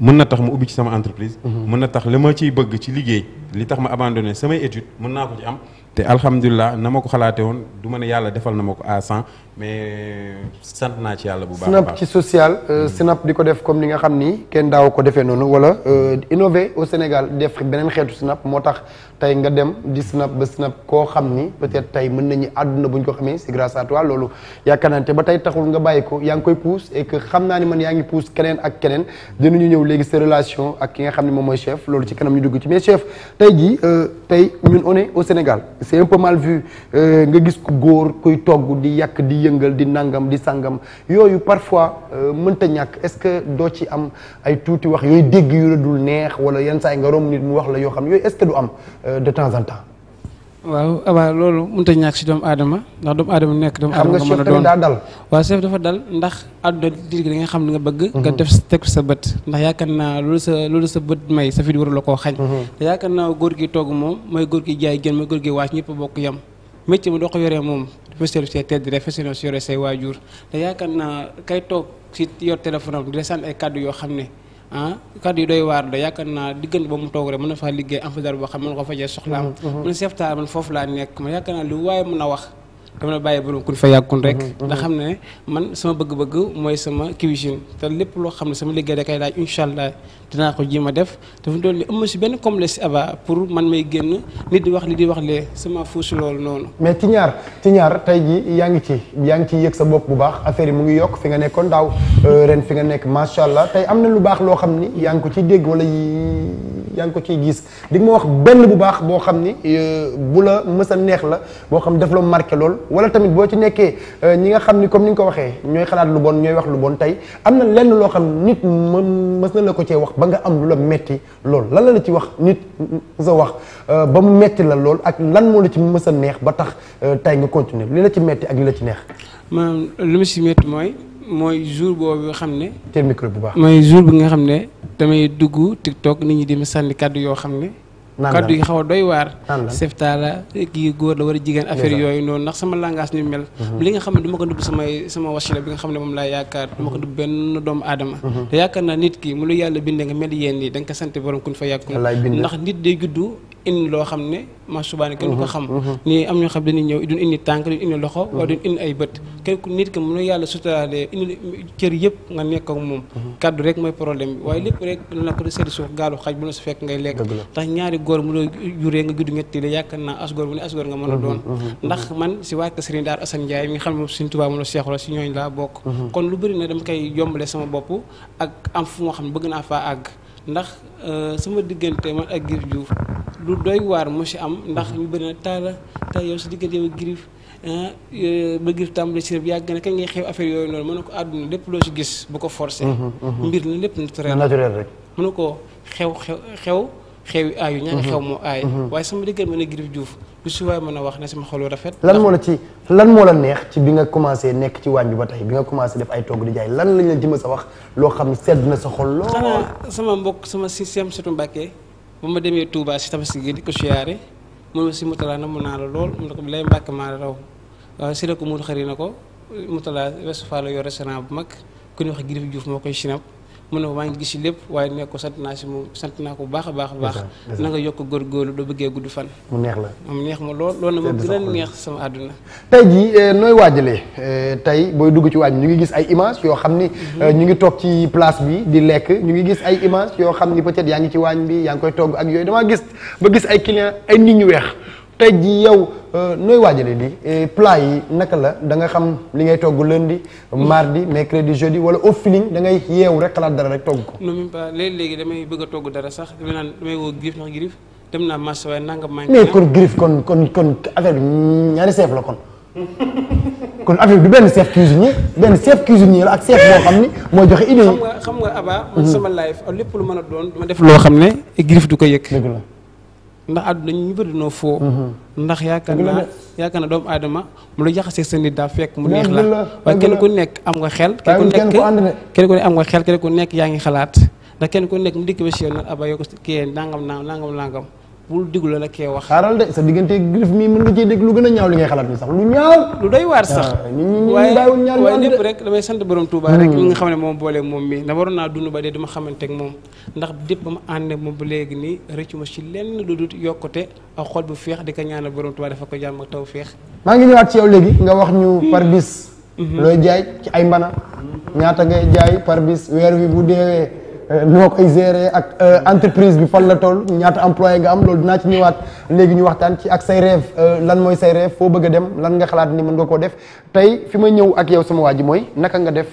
mën na tax mu ubbi ci sama entreprise. Mhm. mën na tax li ma ciy bëgg ci liggéey. li tax ma abandonné samay étude mën naa ko ci am te alhamdulilah na ma ko xalaate woon du ma ne yàlla defal na ma ko à cent mais sant naa ci yàlla bu baax snap ci social euh, mm. snap di ko def comme ni nga xam ni kenn daaw ko defee noonu wala euh, innover au Sénégal def beneen xeetu snap moo tax tey nga dem di snap ba snap koo xam ni peut-être tey mën nañu àdduna bu ñu ko xamee c'est grâce à loolu yaakaar naa te ba tey taxul nga bàyyi ko yaa ngi koy pousse et xam naa ni man yaa ngi pousse keneen ak keneen dinañu ñëw léegi sa relation ak ki nga xam ne chef loolu ci kanam ñu dugg ci mais chef tey jii euh, tey ñun one au Sénégal c'est un peu mal vu euh, nga gis ku góor kuy togg di yàq di yëngal di nangam di sangam yooyu parfois euh, mënta ñàkk est-ce que doo ci am ay tuuti wax yooyu dégg yu la dul neex wala yenn saa yi nga romb nit mu wax la yoo xam yooyu est-ce que du am de temps en temps. waaw abaa loolu mënta ñàkk si doomu adama ndax doomu aadama nekk doomu aadama nga mën a doon dal waaw chef dafa dal ndax àdduna dir gi da nga xam li nga bëgg nga mhm. def teg sa bët ndax yaakaar naa loolu sa loolu sa bët may sa fit koo xañ mhm. te yaakaar naa góor gi togg moom mooy góor gi jaay jën mooy góor gi waaj ñëpp a bokk yem métier mi doo ko yoree moom feselu see tedd rek feselu si yore say waajur te yaakaar naa kay toog si yor téléphone am di la sànni ay kàddu yoo xam ne ah kàddu yu doy waar la yaakaar naa diggante ba mu toog rek mën na faa liggéey am boo xam mën na ko fajee soxlaam. mu ne Cheikh Tall man foofu laa nekk ma yaakaar naa lu waaye mën a wax. dama la bàyyi borom kun fa yàggkun rek mhm, mhm. nga xam ne man sama bëgg-bëgg mooy sama cuisine te lépp loo xam ne sama liggéey da koy laaj incha allah dinaa ko jéem a def dafa doon li ëmm si benn comme si pour man may génn nit di wax di wax lee sama fuusu loolu noonu mais ci ñaar ci ñaar tey ji yaa ngi ci yaa ngi ci yëg sa bopp bu baax affaire yi mu ngi yokk fi nga nekkoon daaw euh, ren fi nga nekk macha allah tey am na lu baax loo xam ni yaa ngi ko ciy dégg wala yaa ngi ko ciy gis di nga ma wax benn bu baax boo xam ni euh, bu la mës neex la boo xam daf la marqué lool wala tamit boo ci nekkee euh, ñi nga xam ni comme ni nga ko waxee ñooy xalaat lu bon ñooy wax lu bon tey am na lenn loo xam nit mën mës na la ko cee wax ba nga am lu la metti lool lan la la ci wax nit sa wax euh, ba mu metti la lool ak lan moo la ci mës a neex ba tax euh, tey nga continuer li la ci metti ak li la ci neex. maanaam li mu si metti mooy mooy jour boobu xam ne. te micro bu baax. mooy jour bi nga xam ne damay dugg TikTok nit ñi di ma sànni kàddu yoo xam ne. kaddu yi xaw a doy waar seftaala kii góor la war a jigéen affaire yooyu noonu ndax sama langage ñu mel mhm. li nga xam ne du ko dubb samay sama wasila bi nga xam ne moom laa yaakaar du ma ko dubb benn doomu aadama mhm. te yaakaar naa nit ki mu lu yàlla bindee nga mel yéen nii da nga ko sant borom kun fa yàgg ndax nit day juddu indi loo xam ne masubaan kenn du ko mhm, xam mhm. nii am ñoo xam dañuy ñëw duñ indi tànk duñ indi loxo mhm. wala duñ indi ay bët kenn ku nit ki mënu yàlla suturaale indi cër yëpp nga nekk ak moom kaddu rek mooy problème bi waaye lépp rek dana ko seddi suuf gaalu xaj bu la su fekk ngay lekk tax ñaari góor mu la juree nga juddu ñetti la yàkk naa as góor bu ne as nga mën a doon ndax man si waat kër Serigne Dar Assane Ndiaye xam ne moom suñu tubaab mu la seexu la si ñoo laa bokk kon lu bëri na dama koy sama bopp ak am fu naa faa àgg ndax euh, sama diggante man ak Griff Diouf lu doy waar mu si am ndax ñu bëri na taala taal yow si diggante yow Griff euh, ba Griff tàmbali si rek yàgg na kañ ngay xew affaire yooyu noonu mën na ko àdduna lépp loo si gis bu ko forcé mm-hmm, mm-hmm. mbir na lépp naturel naturel rek mën na ko xew xew xew xew yu aayu ñaari mm-hmm. xew moo aay waaye sama diggante man a Griff Diouf lu si waay mën a wax na sama xolu rafet. lan moo la ci lan moo la neex ci bi nga commencé nekk ci waañ bi ba tey bi nga commencé def ay togg di jaay lan lañ la jëma sa wax loo xam ne sedd na sa xol lool. xanaa sama mbokk sama sixième sëtu Mbàkke ba ma demee Touba si tabaski gi ko siyaare mun ma si Moutala na mun naa la lool mun na ko lay Mbàkke maa la raw waaw si la ko muur xëri na ko Moutala West Fall yoo restaurant bu mag ku ñuy wax Girif Diouf moo koy sinap mu ne maa ngi gis lépp waaye nekk ko sant naa si moom sant naa ko bu baax a baax a baax na nga yokk góorgóorlu doo bëggee gudd fan mu neex la mu neex ma lool loolu na ma gën a neex sama àdduna tey jii euh, nooy waajalee euh, tey booy dugg ci waañ ñu ngi gis ay image yoo xam ni mhm. euh, ñu ngi toog ci place bi di lekk ñu ngi gis ay image yoo xam ni peut-être yaa ngi ci waañ bi yaa ngi koy togg ak yooyu damaa gis ba gis ay kileen ay nit ñu weex tey jii yow euh, nooy waajale lii plat yi naka la da nga xam li ngay togg lundi mardi mercredi jeudi wala au feeling da ngay yeewu rek xalaat dara rek togg ko. non même pas léegi-léegi damay bëgg a togg dara sax damay naan damay woo Grif dem naa marché nangam maa ngi. mais kon Grif kon kon kon affaire bi ñaari chef la kon. kon affaire bi du benn chef cuisinier benn chef cuisinier la ak chef boo xam ni moo joxe idée yi. xam nga xam nga Aba. man hmm. sama life lépp lu mën a doon dama def loo xam ne Grif du ko yëg. ndax àdduna ñu bëri noo foo mm-hmm. ndax yaakaar naa yaakaar na doomu aadama mu la jaxasee sa nit daa fekk mu neex la waaye kenn ku nekk am nga xel kenn ku nekk kenn ku nekk am nga xel kenn ku nekk yaa ngi xalaat ndax kenn ku nekk mu dikk ba si yow nag aba yow ko kiyee nangam nangam nangam bul diglu la kee wax. xaaral de sa diggante griffe mii mën nga cee dégg lu gën a ñaaw li ngay xalaat ni sax lu ñaaw. lu doy waar sax ah, ñun ñun ñun daawul waaye lépp sant borom Touba rek li hmm. nga xam ne moom boole moom na waroon naa dund ba dama xamante ak moom ndax dépp ba ma ànd moom ba léegi nii rëccu ma ci lenn lu dul yokkute ak xol bu feex di ko ñaanal borom Touba dafa ko jàmm ak taw feex. maa ngi ñëwaat ci yow léegi nga wax ñu hmm. par bis. Hmm. looy jaay ci ay mbana. ñaata ngay jaay par bis weer wi bu deewee noo koy gérer ak euh, entreprise bi fan la toll ñaata employé nga am loolu dinaa ci ñëwaat léegi ñu waxtaan ci ak say rêve euh, lan mooy say rêve foo bëgg a dem lan nga xalaat ni mën nga koo def tey fi may ñëw ak yow sama waa ji mooy naka nga def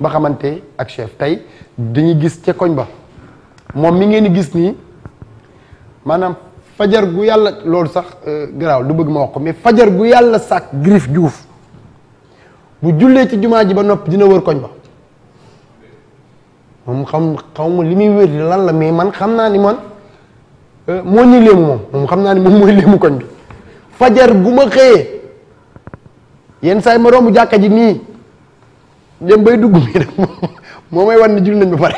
ba xamante ak chef tey dañuy gis ca koñ ba moom mi ngeen di gis nii maanaam fajar gu yàlla loolu sax euh, garaaw lu bëgg ma wax ko mais fajar gu yàlla sàkk Griff juuf bu jullee ci jumaa ji ba noppi dina wër koñ ba moom xam xaw ma li muy wér di lan la mais man xam naa ni man euh, moo ñu léemu moom moom xam naa ni moom mooy léemu koñ bi fajar gu ma xëyee yenn saa yi ma romb jàkka ji nii dem bay dugg mi rek moo may wan ne jul nañ ba pare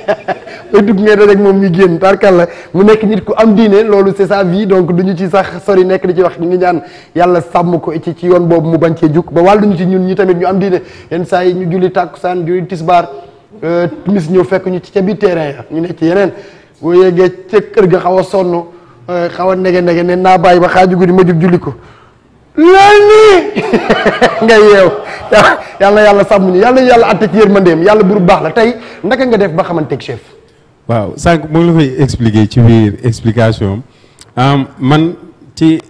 <laughs> bay dugg ngeen moom mi génn tarkal la mu nekk nit ku am diine loolu c'est sa vie donc du ñu ci sax sori nekk di ci wax ñu ngi ñaan yàlla sàmm ko ci ci yoon boobu mu bañ cee jug ba ñu ci ñun ñi tamit ñu am diine yenn saa yi ñu julli tàkkusaan julli tisbaar Euh, timis ñëw fekk ñu ci ca biir terrain ya ñu nekk ci yeneen boo yeggee ca kër ga xaw sonn euh, xaw a nege nege ne naa bàyyi ba xaaju guddi ma jug julli ko lool nii <laughs> nga yeew yàlla yàlla sàmm ñu yàlla yàlla àtte ci yërmandeem yàlla buru baax la tey naka nga def ba xamanteeg chef waaw sànq moom la fay expliquer ci biir explication man ci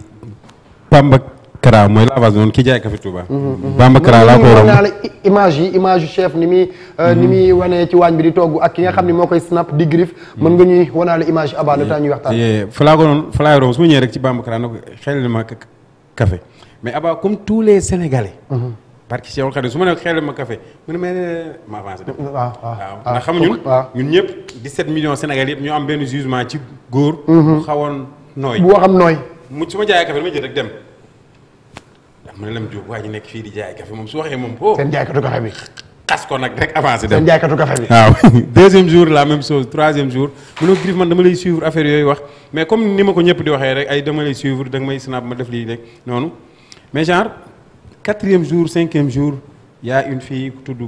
pàmbak Kara mooy lavage noonu ki jaay kafe Touba. Mhm, mhm. Bamba Kara laa ko romb naa image yi image chef ni mi euh, ni mhm. muy wane ci waañ bi di togg ak ki nga xam ne moo koy snap di griffe. mën nga ñuy wanaale image yi abaa le temps ñuy waxtaan. fa laa ko noonu su ma ñëwee rek ci Bamba Kara na ma café mais abaa comme tous les Sénégalais. parce que Cheikhul su ma ne xelal ma café mu ne ma eh, ma waaw waaw waaw ndax xam ñun ñun yëpp ñu am benn jugement ci góor. bu xawoon nooy bu waxam nooy. mu ma jaayee café dama jël rek dem man Lam Diop waa ji nekk fii di jaay café moom su waxee moom. oh seen jaaykatu café bi. xas ko nag rek avancé dem seen jaaykatu café bi. waaw <laughs> deuxième jour la même chose troisième jour mu ne Griff man wax mais comme ni ma ko ñëpp di waxee rek ay dama lay suivre danga may snap ma def lii rek noonu mais genre quatrième jour cinquième jour y a une fille tudd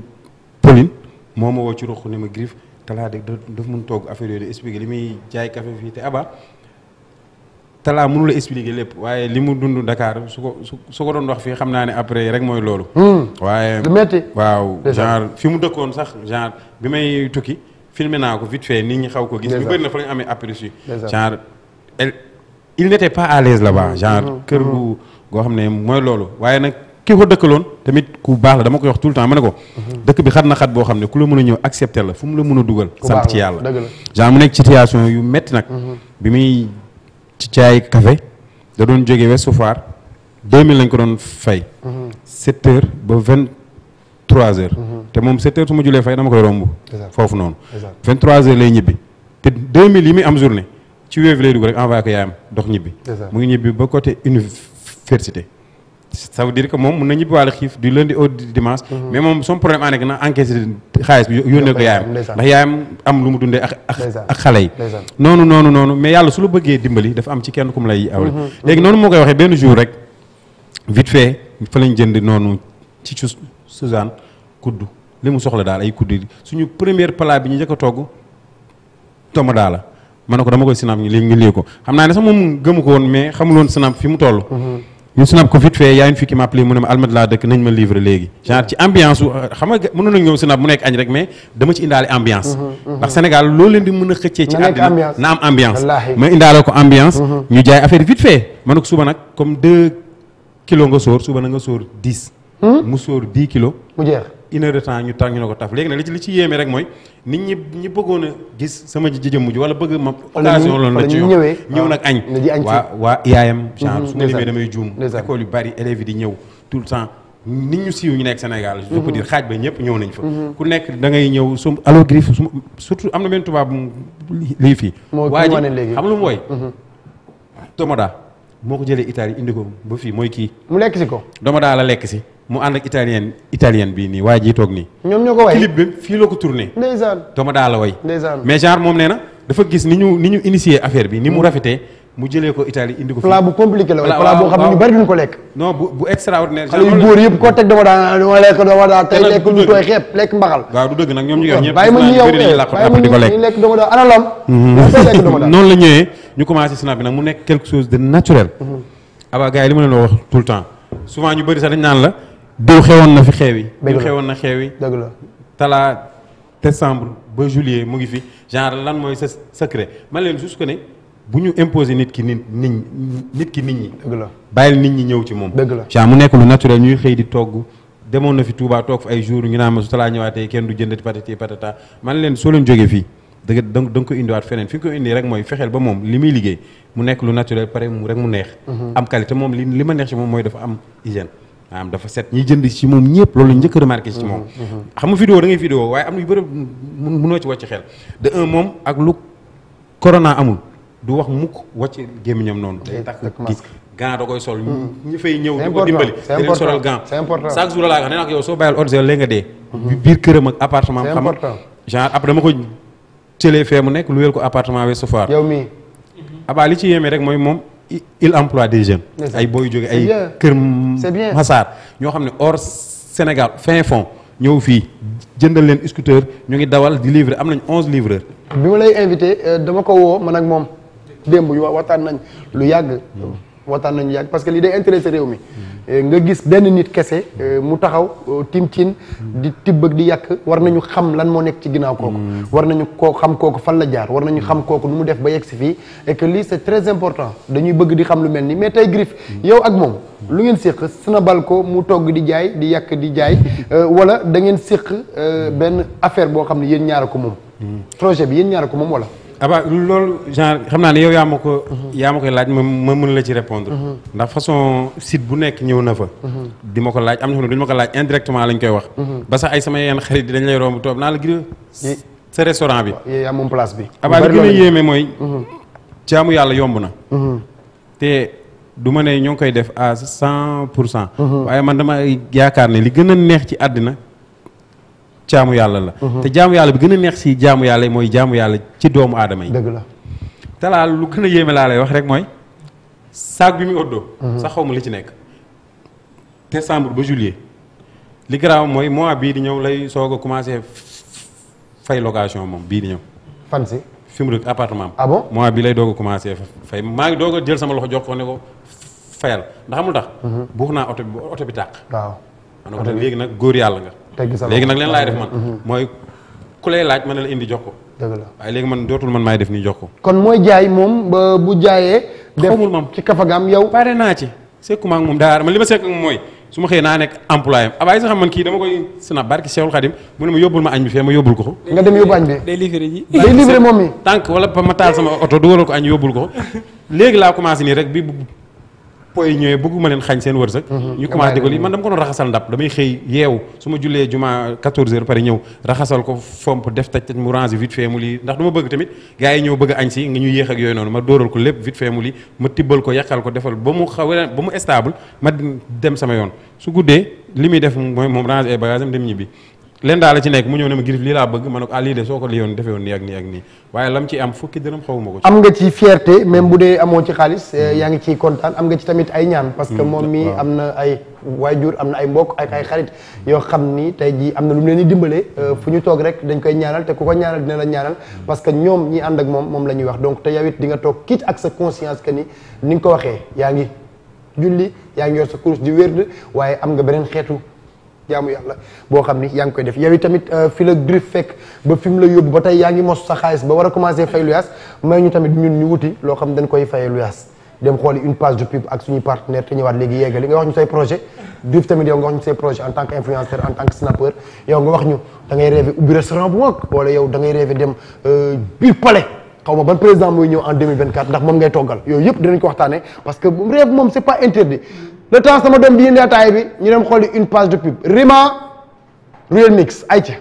Pauline moo ma woo ci ruq ne ma Griff talaa de daf mun togg affaire yooyu di expliquer li muy jaay café fii te Aba. talaa mënu la expliquer lépp waaye li mu dund Dakar su ko su ko doon wax fii xam naa ne après rek mooy loolu. Hmm. waaye lu metti waaw genre fi mu dëkkoon sax genre bi may tukki filmé naa ko vite fait nit ñi xaw ko gis. ñu la amee apprécié. genre il n'était pas à l'aise là hmm. genre. Hmm. kër gu goo xam ne mooy loolu waaye nag ki ko dëkkaloon tamit ku baax la dama koy wax tout le temps ma ne ko. dëkk bi xat na xat boo xam ne ku la mën a ñëw accepter la fu mu la mën a dugal. sant ci yàlla genre mu nekk situation yu metti nag bi muy. ci jaay café da doon jóge Ouest Foire 2000 lañ ko doon fay. 7 heures ba 23 heures. Mhm. te moom 7 heures su ma julee fay dama koy romb. foofu noonu. 23 heures lay ñibbi te 2000 yi muy am journée ci wéef lay dugg rek envoyé ko yaayam dox ñibbi. mu ngi ñibbi ba côté université. ça veut que moom mun na ñibbiwaale xiif du lundi au dimanche. Mhm. mais moom son problème ànd ak na encaissé xaalis ko yaayam ndax yaayam am lu mu dundee ak ak xale yi. noonu noonu noonu mais yàlla su lu bëggee dimbali dafa am ci kenn ko mu lay awle. Mhm. léegi noonu moo koy waxee benn jour rek vite fait fa lañ jënd noonu ci su Suzanne kuddu li mu soxla daal ay kuddu suñu première plat bi ñu njëkk a togg toma daal la ma ne ko dama koy sinam léegi ñu lii ko xam naa ne sax moom gëmu ko woon mais xamuloon sinam fi mu toll. Mhm. ñu snap ko vite fait yaa une fille qui m'a appelé mu ne ma almat laa dëkk nañ ma livre léegi genre ci ambiance u xam nga mënoon nañ ñoom snap mu nekk añ rek mais dama ci indaale ambiance mm-hmm, mm-hmm. ndax Sénégal loolu leen di mën a xëccee ci àddina na am ambiance ma indaale ko ambiance mm-hmm. ñu jaay affaire vite fait ma ne ko suba nag comme deux kilos nga soor suba na nga soor dix hmm? mu sóor dix kilos une heure de ñu tàng ñu ko taf léegi nag li ci li ci yéeme rek mooy nit ñi ñi bëggoon a gis sama ji jëjëm mujj wala bëgg ma occasion loolu la ci yow ñëw nag añ waa waa IAM genre mhm, su ma limee damay juum yu bari élèves di ñëw tout le temps nit ñu siiw ñu nekk Sénégal je peux mhm. dire xaaj ba ñëpp ñëw nañ fa mhm. ku nekk da ngay ñëw su alo griffe su surtout am na benn tubaab lii fii waa ji xam lu mu wooy Tomoda moo ko jëlee Italie indi ko ba fii mooy kii mu lekk si ko Tomoda la lekk si mu ànd ak italien italien bii nii waaye jii toog nii. ñoom ñoo ko way clip bi fii la ko tourné. ndeysaan la way. mais genre moom nee na dafa gis ni ñu ni ñu initier affaire bi ni mu hmm. rafetee. mu jëlee ko Italie indi ko. plat bu compliqué la plat boo xam ne bari duñ ko lekk. non bu bu extraordinaire. xale yu góor yëpp nag ñoom ñu ngi wax ñëpp bàyyi ma ñu yow eh, bàyyi ma ñu mhm. noonu la ñëwee ñu commencé snap bi nag mu nekk quelque chose de naturel. Mhm. aba gars yi li ñu bëri sax dañ naan la. diw xewoon na fi xeew yi diw xewoon na xeew yi dëgg la talaa décembre ba juillet mu ngi fi genre lan mooy sa secret man leen juste que bu ñu imposer nit ki nit nit nit ki nit ñi dëgg la bàyyil nit ñi ñëw ci moom dëgg la genre mu nekk lu naturel ñuy xëy di togg demoon na fi Touba toog fa ay jour ñu naan ma su talaa ñëwaatee kenn du jëndati patati patata man leen soo leen jógee fii dëgg da nga indiwaat feneen fi nga ko indi rek mooy fexeel ba moom li muy liggéey mu nekk lu naturel pare mu rek mu neex mhm. am qualité moom li li ma neex moom mooy dafa am hygiène maanaam dafa set ñi jënd ci moom ñëpp loolu njëkk a remarqué ci moom mm-hmm, mm-hmm. xam nga vidéo da ngay waaye am na yu bëri mënoo ci wàcc xel de un moom ak lu corona amul du wax mukk wàcc gémmiñam noonu te takk gant da koy sol mm-hmm. ñu fay ñëw di ko dimbali di leen solal gant chaque jour laa wax nee naa ko yow soo bàyyil ordinateur léegi nga dee biir këram ak appartement am xam genre après dama ko télé fee mu nekk lu wel ko appartement we sofaar yow ci yéeme rek mooy moom il emploie des jeunes. ay booy jóge ay Kër Massar ñoo xam ne hors Sénégal fin fond ñëw fii jëndal leen scooter ñu ngi dawal di livrer am nañ onze livreurs. bi ma lay invité euh, dama ko woo man ak moom démb yu waxtaan nañ lu yàgg. Mm. waxtaan nañu yàgg parce que li day intéressé réew mi eh, nga gis benn nit kese eh, mu taxaw eh, timtin di tibb ak di yàq war nañu xam lan moo nekk ci ginnaaw kooku mm. war nañu koo xam kooku fan la jaar war nañu xam kooku nu mu def ba yegg si fii et que lii c'est très important dañuy bëgg di xam lu mel ni mais tey Griff yow ak moom lu ngeen séq snabal ko mu togg di jaay di yàkk di jaay <laughs> wala da ngeen séq benn affaire boo xam ne yéen ñaar ko moom mm. projet bi yéen ñaar ko moom wala aba lool genre xam naa ne yow yaa ma ko. Mhm. yaa koy laaj ma ma mën la ci répondre mhm. ndax façon site bu nekk ñëw na fa. Mhm. di ma ko laaj am na xam ne ma ko laaj indirectement lañ koy wax. ba sax ay sama yenn xarit dañ lay romb toog naa la gis. sa restaurant bi. yéen yaa moom bi. aba li gën a yéeme mooy. jaamu yàlla yomb na. te du ma ne ñoo ngi koy def à cent pour cent. waaye man dama yaakaar ne li gën a neex ci àddina. jaamu yàlla la mhm. te jaamu yàlla bi gën a neex si jaamu yàlla yi mooy jaamu yàlla ci doomu aadama yi dëgg la talaa lu gën a yéeme laa lay wax rek mooy saag bi muy oddoo mhm. sa xaw ma li ci nekk te décembre ba juillet li garaaw mooy mois bii di ñëw lay soog a commencé fay location moom bii di ñëw fan si fi mu dëkk appartement ah mois bi lay doog a commencé fay maa ngi doog a jël sama loxo jox ko ne ko fayal ndax amul tax mhm. buux naa oto bi oto bi tàq waaw léegi nag góor yàlla nga teggi sa léegi nag leen laay def man. Mhm. mooy ku lay laaj mën na la indi jox ko. dëgg la waaye léegi man dootul man maay def nii jox ko. kon mooy jaay moom ba bu jaayee. def ci kafagaam yow. pare naa ci sekkuma ak moom daa ma li ma sekk ak moom mooy su ma xëyee naa nekk employé am abaay sax man kii dama koy snap barki Cheikhul Khadim mu ne ma yóbbul ma añ bi fee ma yóbbul ko ko. nga dem yóbbu añ bi day livré ji. day moom mi tànk wala ma taal sama oto dugalal ko añ yóbbul ko <laughs> léegi laa commencé nii rek bi poy ñëwee bëgguma leen xañ seen wërsëg mhm. ñu commencé di ko lii man dama ko raxasal ndab damay xëy yeew su ma jullee juma 14 heures pare ñëw raxasal ko fomp def taj taj mu range vite fait mu ndax du bëgg tamit gars yi ñëw bëgg añ si nga ñu yéex ak yooyu noonu ma dóoral ko lépp vite fait mu ma tibbal ko yàqal ko defal ba mu xaw ba mu stable ma dem sama yoon su guddee li muy def moom range ay bagage dem ñibbi leen daal la ci nekk mu ñëw ne ma Griff lii laa bëgg ma ne ah, lii de soo ko li yoon defee woon nii ak nii ak nii waaye lam ci am fukki dërëm xawuma ko ci am nga ci fierté même bu dee amoon ci xaalis eh, yaa ngi ciy kontaan am nga ci tamit ay ñaan parce que hmm, moom mi am na ay waajur am na ay mbokk ak ay xarit yoo xam ni tey jii am na lu mu leen dimbale eh, fu ñu toog rek dañ koy ñaanal te ku ko ñaanal dina la ñaanal parce que ñoom ñi ànd ak moom moom la ñuy wax donc te yow it di nga toog quitte ak sa conscience que ni ni nga ko waxee yaa ngi julli yaa ngi yor sa course di wérd waaye am nga beneen jaamu yàlla boo xam ni yaa ngi koy def yow tamit euh, fi la griffe fekk ba fi la yóbbu ba tey yaa ngi mos sa xaalis ba war a commencé fay lu yaas may ñu tamit ñun ñu wuti loo xam dañ koy fayee lu yaas dem xooli une page de pub ak suñuy partenaire te ñëwaat léegi yeggali nga wax ñu say projet griffe tamit yow nga wax ñu say projet en tant que influenceur en tant que snappeur yow nga wax ñu da ngay rêvé ubbi restaurant bu mag wala dem euh, biir le temps sama doom bi indi ataay bi ñu dem xooli une page de pub Rima Real Mix ay ca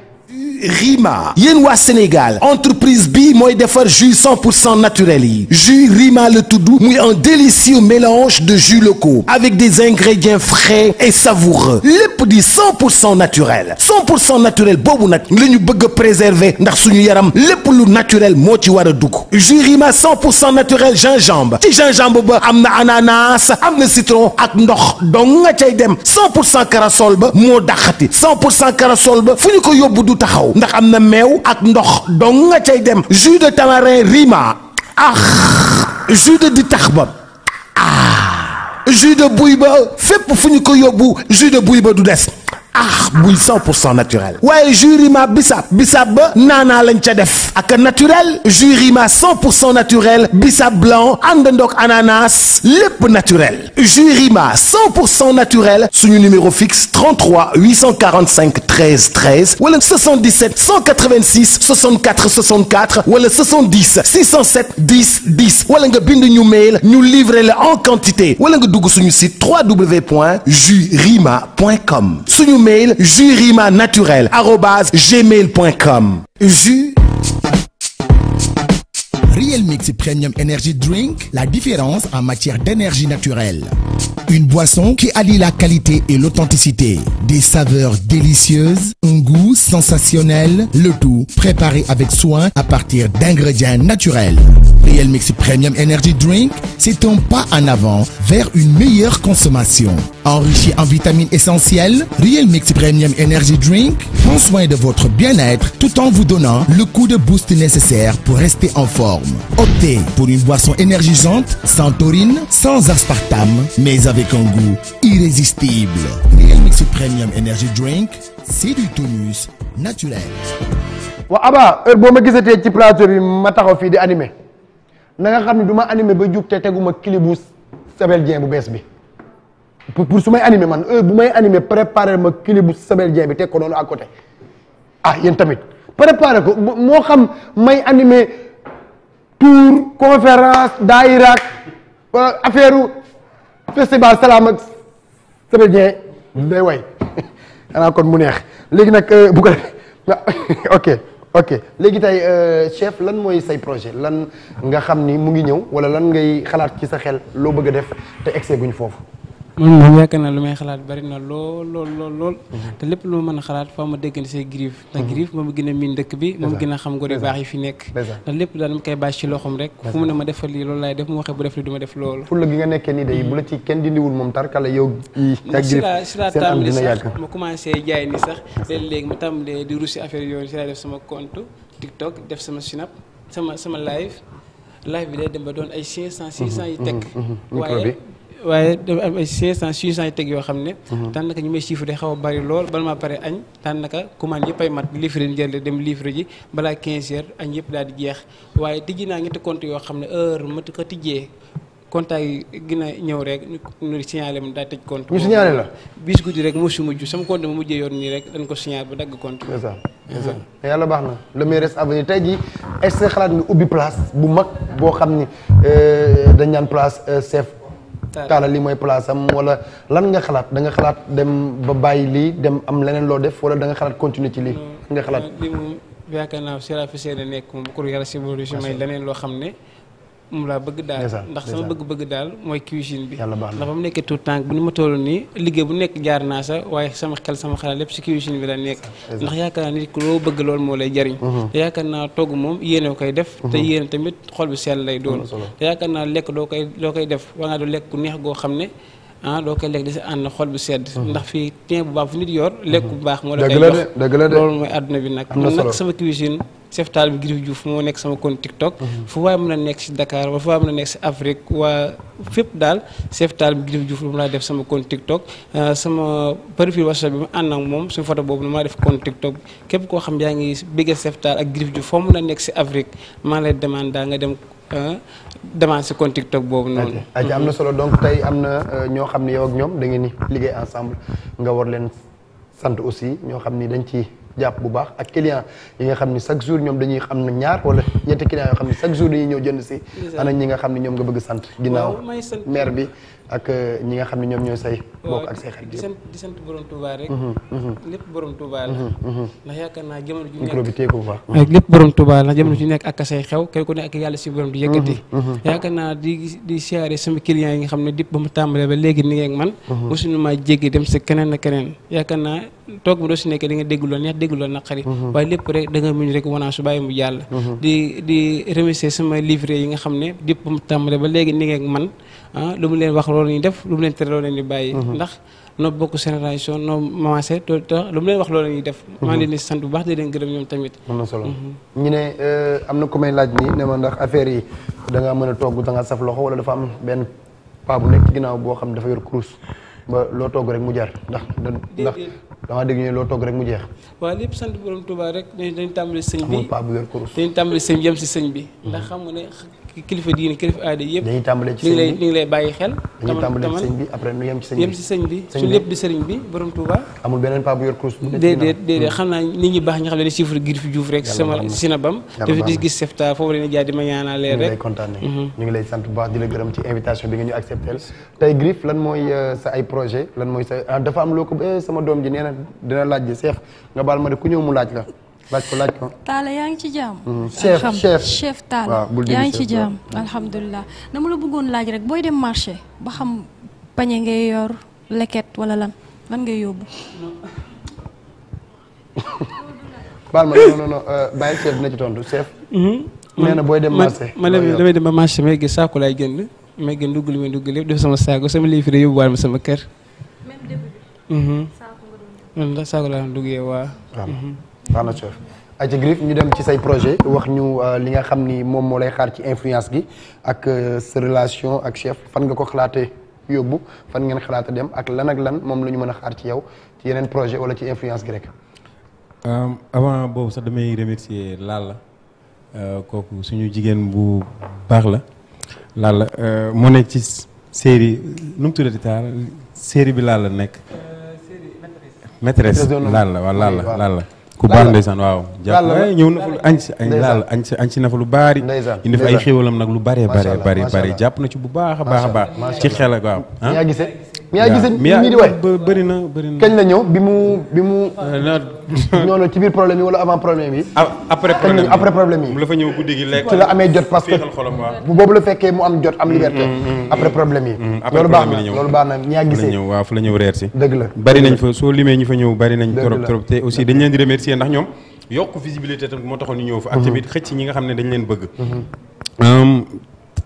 Rima yéen waa Sénégal entreprise bi mooy defar jus 100 pour cent naturel yi jus Rima la tudd muy un délicieux mélange de jus locaux avec des ingrédients frais et savoureux lépp di 100 pour cent naturel 100 naturel boobu nag la ñu bëgg a préserver ndax suñu yaram lépp lu naturel moo ci war a dugg ju Rima 100 pour cent naturel gingembre ci gingembre am na ananas am na citron ak ndox dong nga cay dem 100 pour cent ba moo daxati 100 pour ba fu ñu ko yóbbu du taxaw. ndax am na meew ak ndox dong nga cay dem jus de tamarin rima ah jus di tax ba ah buy ba fépp fu ñu ko yóbbu jus de buy ba du des ah buy 100 pour cent naturel waaye jurima bisaab bisaab ba naanaa lañ ca def ak naturel jurima 100 pour cent naturel bisaab blanc àndandoog ananas lépp naturel jurima 100 pour cent naturel suñu numéro fixe 33 845 13 13 wala 77 186 64 64 wala 70 607 10 10 wala nga bind ñu mail ñu livrer la en quantité wala nga dugg suñu site www.jurima.com suñu suñu mail jurima naturel arobase gmail point com ju Real Mix Premium Energy Drink, la différence en matière d'énergie naturelle. Une boisson qui allie la qualité et l'authenticité. Des saveurs délicieuses, un goût sensationnel, le tout préparé avec soin à partir d'ingrédients naturels. Real Mix Premium Energy Drink, c'est un pas en avant vers une meilleure consommation. Enrichi en vitamines essentielles, Real Mix Premium Energy Drink prend soin de votre bien-être tout en vous donnant le coup de boost nécessaire pour rester en forme. Optez pour une boisson énergisante, sans taurine, sans aspartame, mais avec un goût irrésistible. Real Mix Premium Energy Drink, c'est du tonus naturel. waaw Aba heure boo ma nanga xam ne du ma animé ba jug te teguma clip bu Sabel Dieng bu bees bi pour su may animé man heure bu may animé préparé ma clip bu Sabel Dieng bi teg ko noonu à côté ah yéen tamit préparé ko moo xam may anime tour conférence daayira ak affaire festival salaam ak Sabel Dieng day way <laughs> xanaa kon mu neex léegi nag euh, bu ko <laughs> ok ok léegi tey euh, chef lan mooy say projet lan nga xam ni mu ngi ñëw wala lan ngay xalaat ci sa xel loo bëgg a def te excès guñ foofu man moom yaakaar naa lu may xalaat bari na lool lool lool mhm. te lépp lu ma mën a xalaat foo ma déggante say griif ndax mhm. griif moom gën a miin dëkk bi moom gën a xam ngor yu baax yi fi nekk ndax lépp daal mu koy bàcc ci loxoom rek fu mu ne ma defal lii loolu laay def mu waxee bu def li du ma def loolu fulla gi nga nekkee nii day mhm. bu la ci kenn dindiwul moom tarkala yow si la si la tàmbali sax ma commencé jaay ni di russi affaire yooyu si laa def sama compte TikTok def sama snap sama sama live live bi day dem ba doon ay 500 600 yi teg waaye waaye dafa am ay 500 600 yu teg yoo xam ne. Mhm. tànn ka ñu may chiffre day xaw a bari lool bala maa pare añ tànn ka commande yëpp ay mat livre yi jël dem livre ji balaa 15 heures añ yëpp daal di jeex waaye tijji naa ñetti compte yoo xam ne heure matu ko tijjee contact yi gën a ñëw rek ñu signalé mu daal tëj compte. ñu signalé la bis guddi rek moo si mujj sama compte mu mujjee yoon nii rek dañ ko signal ba dagg compte. c'est mhm. yàlla baax na le meilleur reste boo xam ni euh, dañ naan place euh, taala lii mooy place am wala lan nga xalaat da nga xalaat dem ba bàyyi lii dem am leneen loo def wala da nga xalaat continuer ci lii nga xalaat lii moom yaakaar naa si rafet seen nekk moom pour yàlla si may leneen loo xam ne moom laa bëgg daal ndax sama bëgg-bëgg daal mooy cuisine bi ndax ba mu nekkee tout temps bu ni ma toll nii liggéey bu nekk jaar naa sa waaye sama xel sama xalaat lépp si cuisine bi la nekk ndax yaakaar naa nit ku loo bëgg lool moo lay jariñ mhm. te yaakaar naa togg moom yéene koy def mhm. te yéene tamit xol bi sell lay doon te yaakaar naa lekk doo koy doo koy def waa nga du lekk ku neex goo xam ne ah doo koy lekk di si ànd xol bu sedd. Mm-hmm. ndax fi pain bu baax fu nit yor. lekk bu baax moo la koy jox loolu mooy àdduna bi nag. man nag sama cuisine. chef taal bi Griff Diouf moo nekk sama compte TikTok. Mm-hmm. fu waay mën a nekk si Dakar wala fu waay si Afrique waa fépp daal chef taal bi laa def sama compte TikTok. Ah, sama profil WhatsApp bi ma ànd ak moom suñu photo boobu ma def compte TikTok képp koo xam yaa ngi bëgg chef taal ak Griff Diouf foo mën a nekk si Afrique maa lay demande nga dem. Ah, démarche compte TikTok boobu noonu. ayca am na solo donc tey am na euh, ñoo xam ne yow ak ñoom da ngeen ni liggéey ensemble nga war leen sant aussi ñoo xam ni dañ ci jàpp bu baax ak client yi nga xam ni chaque jour ñoom dañuy am na ñaar wala ñetti client yoo xam ni chaque jour dañuy ñëw jënd si. na ñi nga xam ni ñoom nga bëgg sant. ginnaaw maire bi ak euh, ñi nga xam ne ñoom ñoo say bokk ak say xarit di sant di sant borom Touba rek mhm, mhm. Mhm, yaakaar naa jamono ju nekk micro bi teeku fa lépp borom Touba la nekk ak say xew kenn ku ne ak yàlla si borom di yëkkati yaakaar naa di di siyaare sama client yi nga xam ne dip ba mu tàmbalee ba léegi ni ngeen man mosuñu maa jéggi dem si keneen ak keneen yaakaar naa toog bu doo si nekkee di nga dégg loo neex dégg loo naqari waaye lépp rek da nga muñ rek wanaa su bàyyi mu jàll di di remercier sama livre yi nga xam ne dip ba mu tàmbalee ba léegi ni ngeen man ah lu mu leen wax loolu ñuy def lu mu leen tere loolu leen di bàyyi ndax noo bokk génération noo mamancé to lu mu leen wax loolu la ñuy def maa ngi leen di sant bu baax di leen gërëm ñoom tamit am na solo mhm. ñu ne eh, am na ku may laaj nii ne ma ndax affaire yi danga mën a togg da ngaa saf loxo wala dafa am benn paa bu nekk ci ginnaaw boo xam dafa yor kurus ba loo toog rek mu jar ndax ndax dama dégg ñu loo toog rek mu jeex waaw lépp sant borom Tuubaa rek dañ tàmbali sëñ bi paa bu yor kurus dañ tàmbali sëñ yem si sëñ bi ndax xam nga kilifa diine kilifa aada yëpp. dañuy tàmbalee ci lay bàyyi xel. dañuy tàmbalee ci sëñ bi après ñu yem ci sëñ bi su lépp di sëriñ bi borom Touba. amul beneen paa bu yor kurus. Hmm. naa nit ñi baax ñi xam ne di chiffre gir fi juuf gis sefta foofu leen jaar di ma ñaanal leen rek. Hmm. ñu ngi lay sant bu baax di la gërëm ci invitation bi nga ñu accepté tey lan mooy euh, sa ay projet lan mooy sa ah, dafa am loo ko eh, sama doom ji nee na dina laaj ji seex nga baal ma de ku ñëw mu laaj la laaj ko laaj yaa ngi ci jàmm. Mm, chef chef chef yaa ngi ci jàmm mm. alhamdulilah. dama la bëggoon laaj rek booy dem marché ba xam pañe ngay yor leket wala lan lan ngay yóbbu. <laughs> baal ma non non non euh, bàyyi chef dina ci mhm. ma dem ba marché may gis saako laay génn may génn dugg li may dugg lépp def sama saako sama lii fi de ma sama kër. même début bi. Mhm. laa doon duggee waa. par la chef ayca ñu dem ci say projet wax ñu euh, li nga xam ni moom moo lay xaar ci influence gi ak euh, sa relation ak chef fan nga ko xalaatee yóbbu fan ngeen xalaate dem ak lan ak lan moom lañu mën a xaar ci yow ci yeneen projet wala ci influence gi rek. Euh, avant boobu sax damay remercier la kooku suñu jigéen bu baax la Lalla moo nekk ci série nu mu tuddati taar série bi Lalla nekk. maîtresse maîtresse Lalla waaw Lalla Lalla. ku baax ndeysaan waaw jàpp waaye ñëw na fa lu añ si laal añ si na fa lu baari indi fa ay xéewalam nag lu bare bare bare bare jàpp na ci bu baax a baax a baax ci xel ak waaw ah. Mia Guissé mii di way bëri na bëri na kañ la ñëw bi mu bi mu. Ah, <laughs> ñoo ci biir problème yi wala avant problème yi. Ah, après problème yi loolu baax na loolu baax na Mia Guissé la ñëw reer si. dëgg la bari fa soo limee ñu fa ñëw bari nañ. trop te aussi dañ leen di remercier ndax ñoom yokk visibilité tamit moo taxoon ñu ñëw fa. ak mhm. xëcc ñi nga xam ne dañ leen bëgg mhm.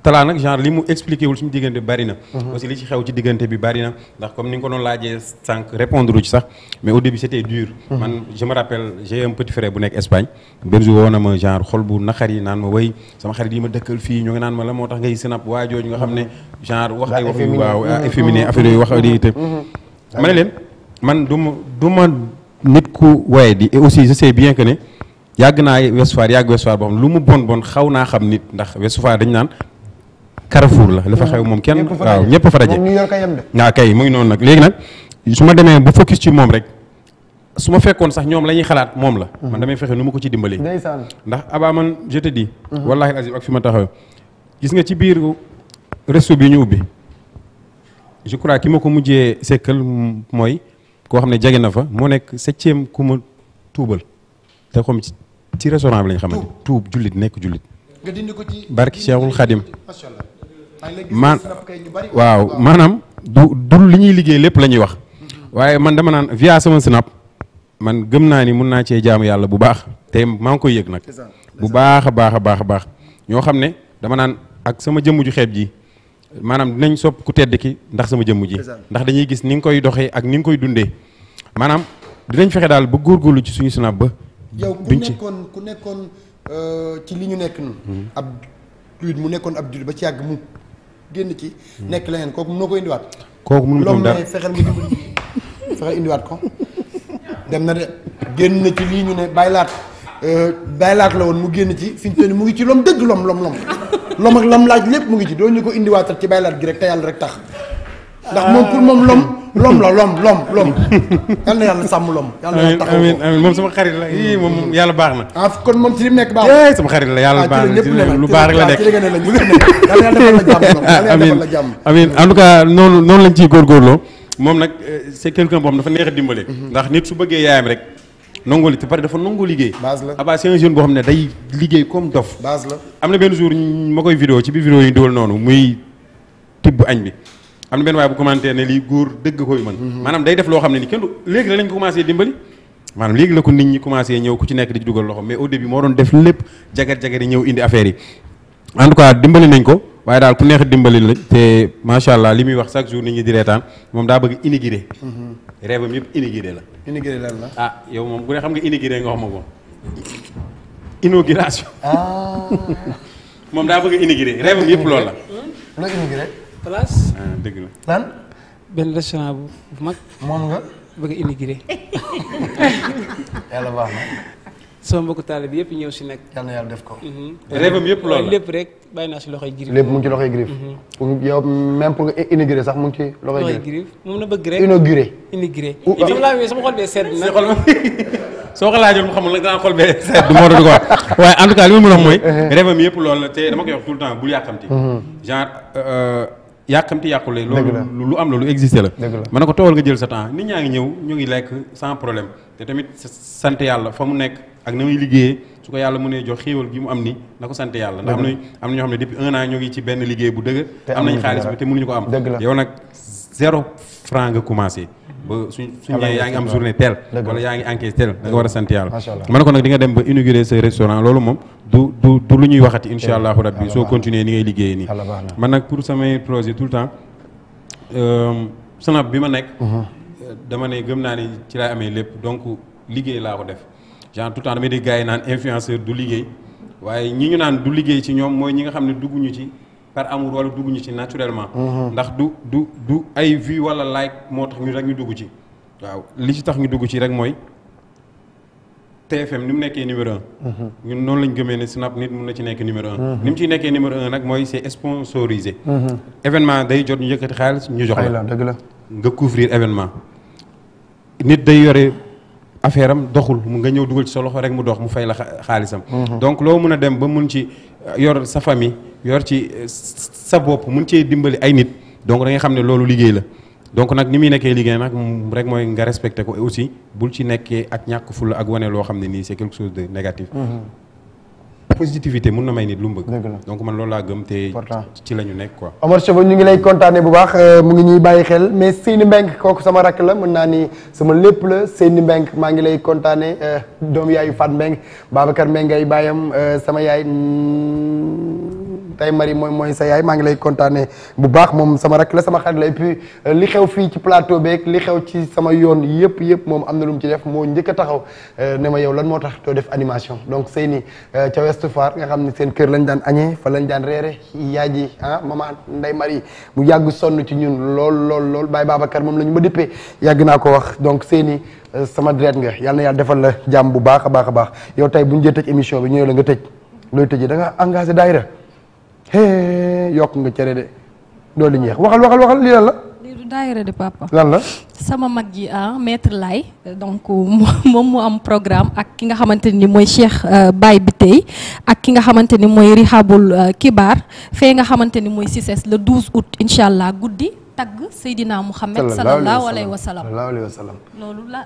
talaa nag genre li mu expliqué wul suñu diggante bari na. aussi li ci xew ci diggante bi bari na ndax comme ni nga ko doon laajee sànq répondre ci sax mais au début c' était dur. man je me rappelle j'ai petit frère bu nekk Espagne benn jour woo na ma genre xol bu naqar yi naan ma wéy sama ma dëkkal fii ñu naan ma moo tax ngay snap waa jooju nga xam ne genre wax ay wax yu waaw ah, efféminé affaire leen man ma ma nit ku waaye di aussi je sais que ne yàgg naa Ouest Foire yàgg Ouest Foire boo mu bon bon xaw naa xam nit ndax Ouest Foire dañ naan Carrefour la dafa xew moom kenn waaw ñëpp fa daje waaw ah, kay mu ngi noonu nag léegi nag su ma demee bu focus ci moom rek su ma fekkoon sax ñoom la ñuy xalaat moom la man damay fexe nu ma ko ci dimbalee ndax abaa man je di dis mhm. wallaahi ak fi ma taxaw gis nga ci biir resto bi ñu ubbi je crois ki ma ko mujjee sekkal mooy koo xam ne jege na fa moo nekk septième ku ma tuubal te comme ci restaurant bi lañ xamante tuub jullit nekk jullit nga barki Cheikhul Khadim maan waaw maanaam du du li ñuy liggéey lépp la ñuy wax waaye man dama naan via sama snap man gëm naa ni mun naa cee jaamu yàlla bu baax te maa ngi koy yëg nag bu baax a baax a baax a baax ñoo xam ne dama naan ak sama jëmm ju xeeb ji maanaam dinañ sopp ku tedd ki ndax sama jëmm ji ndax dañuy gis ni nga koy doxee ak ni nga koy dundee maanaam dinañ fexe daal ba góor góorlu ci suñu snap ba yow ku nekkoon ku nekkoon euh, ci li ñu nekk mhm. mu nekkoon ab jullit ba ci àgg mu génn ci. nekk leneen kooku mënoo ko indiwaat. kooku mënul ko dara fexeel nga dimbali fexeel indiwaat ko. dem na de génn na ci lii ñu ne bàyyilaat euh, bàyyilaat la woon mu génn ci fi ñu mu ngi ci lom dëgg lom lom lom lom ak lom laaj lépp mu ngi ci doo ñu ko indiwaatal ci bàyyilaat gi rek te yàlla rek tax. ndax moom pour moom lom. lom la lom lom lom yal na yàlla sàmm lom. yàlla na taxaw amiin moom sama xarit la yii moom yàlla baax na. ah kon moom ci li nekk baax na. xarit la yàlla baax na lu baax rek la nekk yàlla defal la jàmm lom yàlla defal en noonu noonu lañ ciy góorgóorloo moom nag c'est quelqu'un boobu dafa neex a dimbale. ndax nit su bëggee yaayam rek. nangoo li te pare dafa nangoo liggéey. base la Abba c'est un jeune xam ne day liggéey comme dof. base la am na benn jour ma koy vidéo ci biir vidéo yi ñu noonu muy tibb añ bi am na benn waaye bu commenté ne lii góor dëgg koy mën mhm. maanaam day def loo xam ne ni kenn du léegi la lañ ko commencé dimbali maanaam léegi la ko nit ñi commencé ñëw ku ci nekk di dugal loxo mais au début moo doon def lépp jagar-jagar yi ñëw indi affaire yi en tout cas dimbali nañ ko waaye daal ku neex dimbali la te macha allah li muy wax chaque jour nit ñi di reetaan moom daa bëgg inigiré mhm. rêve am yëpp inigiré la inigiré lan la ah yow moom ku ne xam nga inigiré nga wax ma ko inauguration ah. <laughs> moom daa bëgg inigiré yëpp loolu la place. Ah, dëgg la lan. benn restaurant bu mag. moom nga. bëgg a immigré. <laughs> yàlla baax na. sama mbokku taalibe yëpp ñëw si nag. yàlla def ko. Mhm. réewam yëpp loolu lépp rek bàyyi naa si loxoy griff. lépp mu ngi ci loxoy griff. Mhm. pour yow même sax mu ci loxoy griff. moom na bëgg rek inauguré. inauguré sama laa wee sama xol bee sedd <laughs> na. <laughs> soo ko laajoon mu xamul nag danaa xol bee sedd moo doon ko waaye en tout cas li ma mën a wax mooy. réewam yëpp loolu la te dama koy wax tout le temps bul yàkkamti. Mhm. genre. Euh, yàqamti yàqule loolu lu am la lu existé la ma a ko toogal nga jël sa temps nit ñaa ngi ñëw ñu ngi lekk sans problème te tamit sant yàlla fa mu nekk ak na muy liggéeyee su ko yàlla mënee jox xéewal bi mu am ni na ko sant yàlla ndax am nañ am na ñoo xam ne depuis un an ñoo ngi ci benn liggéey bu dëgg am nañ xaalis bi te mënuñu ko am yow nag zéro franc nga commencé ba suñ suñ ñëwee yaa ngi am journée teel wala yaa ngi encaisse teel da nga war a sant yàlla nga dem ba inaugurer ce loolu moom du du du lu ñuy waxati incha allahu rabbi soo continuer ni ngay liggéeyee nii. man nag pour samay projet tout le temps euh, snap bi ma nekk. Mhm. dama ne gëm naa ni ci laay amee lépp donc liggéey laa ko def genre tout le temps damay dégg gars naan influenceur du liggéey waaye ñi ñu naan du liggéey ci ñoom mooy ñi nga xam ne dugguñu ci par amour wala dugguñu ci naturellement. Mhm. ndax du du du ay vues wala like moo tax ñu rek ñu dugg ci. waaw li ci tax ñu dugg ci rek mooy TFM ni mu nekkee numéro un mhm. ñun noonu lañ gëmee ne Snap nit mun na ci nekk numéro un mhm. ni mu ciy nekkee numéro un nag mooy c'est sponsorisé mhm. événement day jot ñu yëkkati xaalis ñu jox la dëgg la nga couvrir événement nit day yore affaire am doxul mu nga ñëw dugal ci sa loxo rek mu dox mu fay la xaalisam donc loo mun a dem ba mun ci yor sa famille yor ci euh, sa bopp mun cee dimbali ay nit donc da xam ne loolu liggéey la donc nag ni muy nekkee liggéey nag rek mooy nga respecté ko aussi bul ci nekkee ak ñàkk ful ak wane loo xam ne nii c'est quelque chose de négatif. Mm-hmm. positivité mun na may nit lu mu bëgg. donc man loolu laa gëm te. ci la ñu nekk ko Omar Cheveux ñu ngi lay kontaanee bu baax euh, mu ngi ñuy bàyyi xel mais Seyni Mbengue kooku sama rakk la mën naa ni sama lépp la Seyni Mbengue maa ngi lay kontaanee euh, doom yaayu Fat Mbengue Babacar Mbengue ay baayam euh, sama yaay. Mm, tey Marie mooy mooy sa yaay maa ngi lay kontaane bu baax moom sama rakk la sama xarit la euh, li xew fii ci plateau beeg li xew ci sama yoon yëpp yëpp moom am na lu mu ci def moo njëkk a taxaw euh, ne ma yow lan moo tax doo def animation donc Seyni euh, ca Ouest nga xam ne seen kër lañ daan añee fa lañ daan reere yaay ji ah mama Ndeye Marie mu yàgg sonn ci ñun lool lool lool Baye Babacar moom la ñu ma déppee yàgg naa ko wax donc seeni sama dret nga yàlla na yàlla defal la jàmm bu baax a baax a baax yow tey bu ñu jël tëj émission bi ñëw la nga tëj looy tëjee da engagé daayira hee yokk nga cere de loolu ñeex waxal waxal waxal lii lan la. lii du daayira de papa. lan la. sama mag ji ah maître Laye donc moom mu am programme ak ki nga xamante ni mooy Cheikh euh, bi tey ak ki nga xamante ni mooy Rihabul euh, Kibar fee nga xamante ni mooy Cissesse le 12 août incha allah guddi tagg Seydina Mouhamed. sallallahu alayhi wa sallam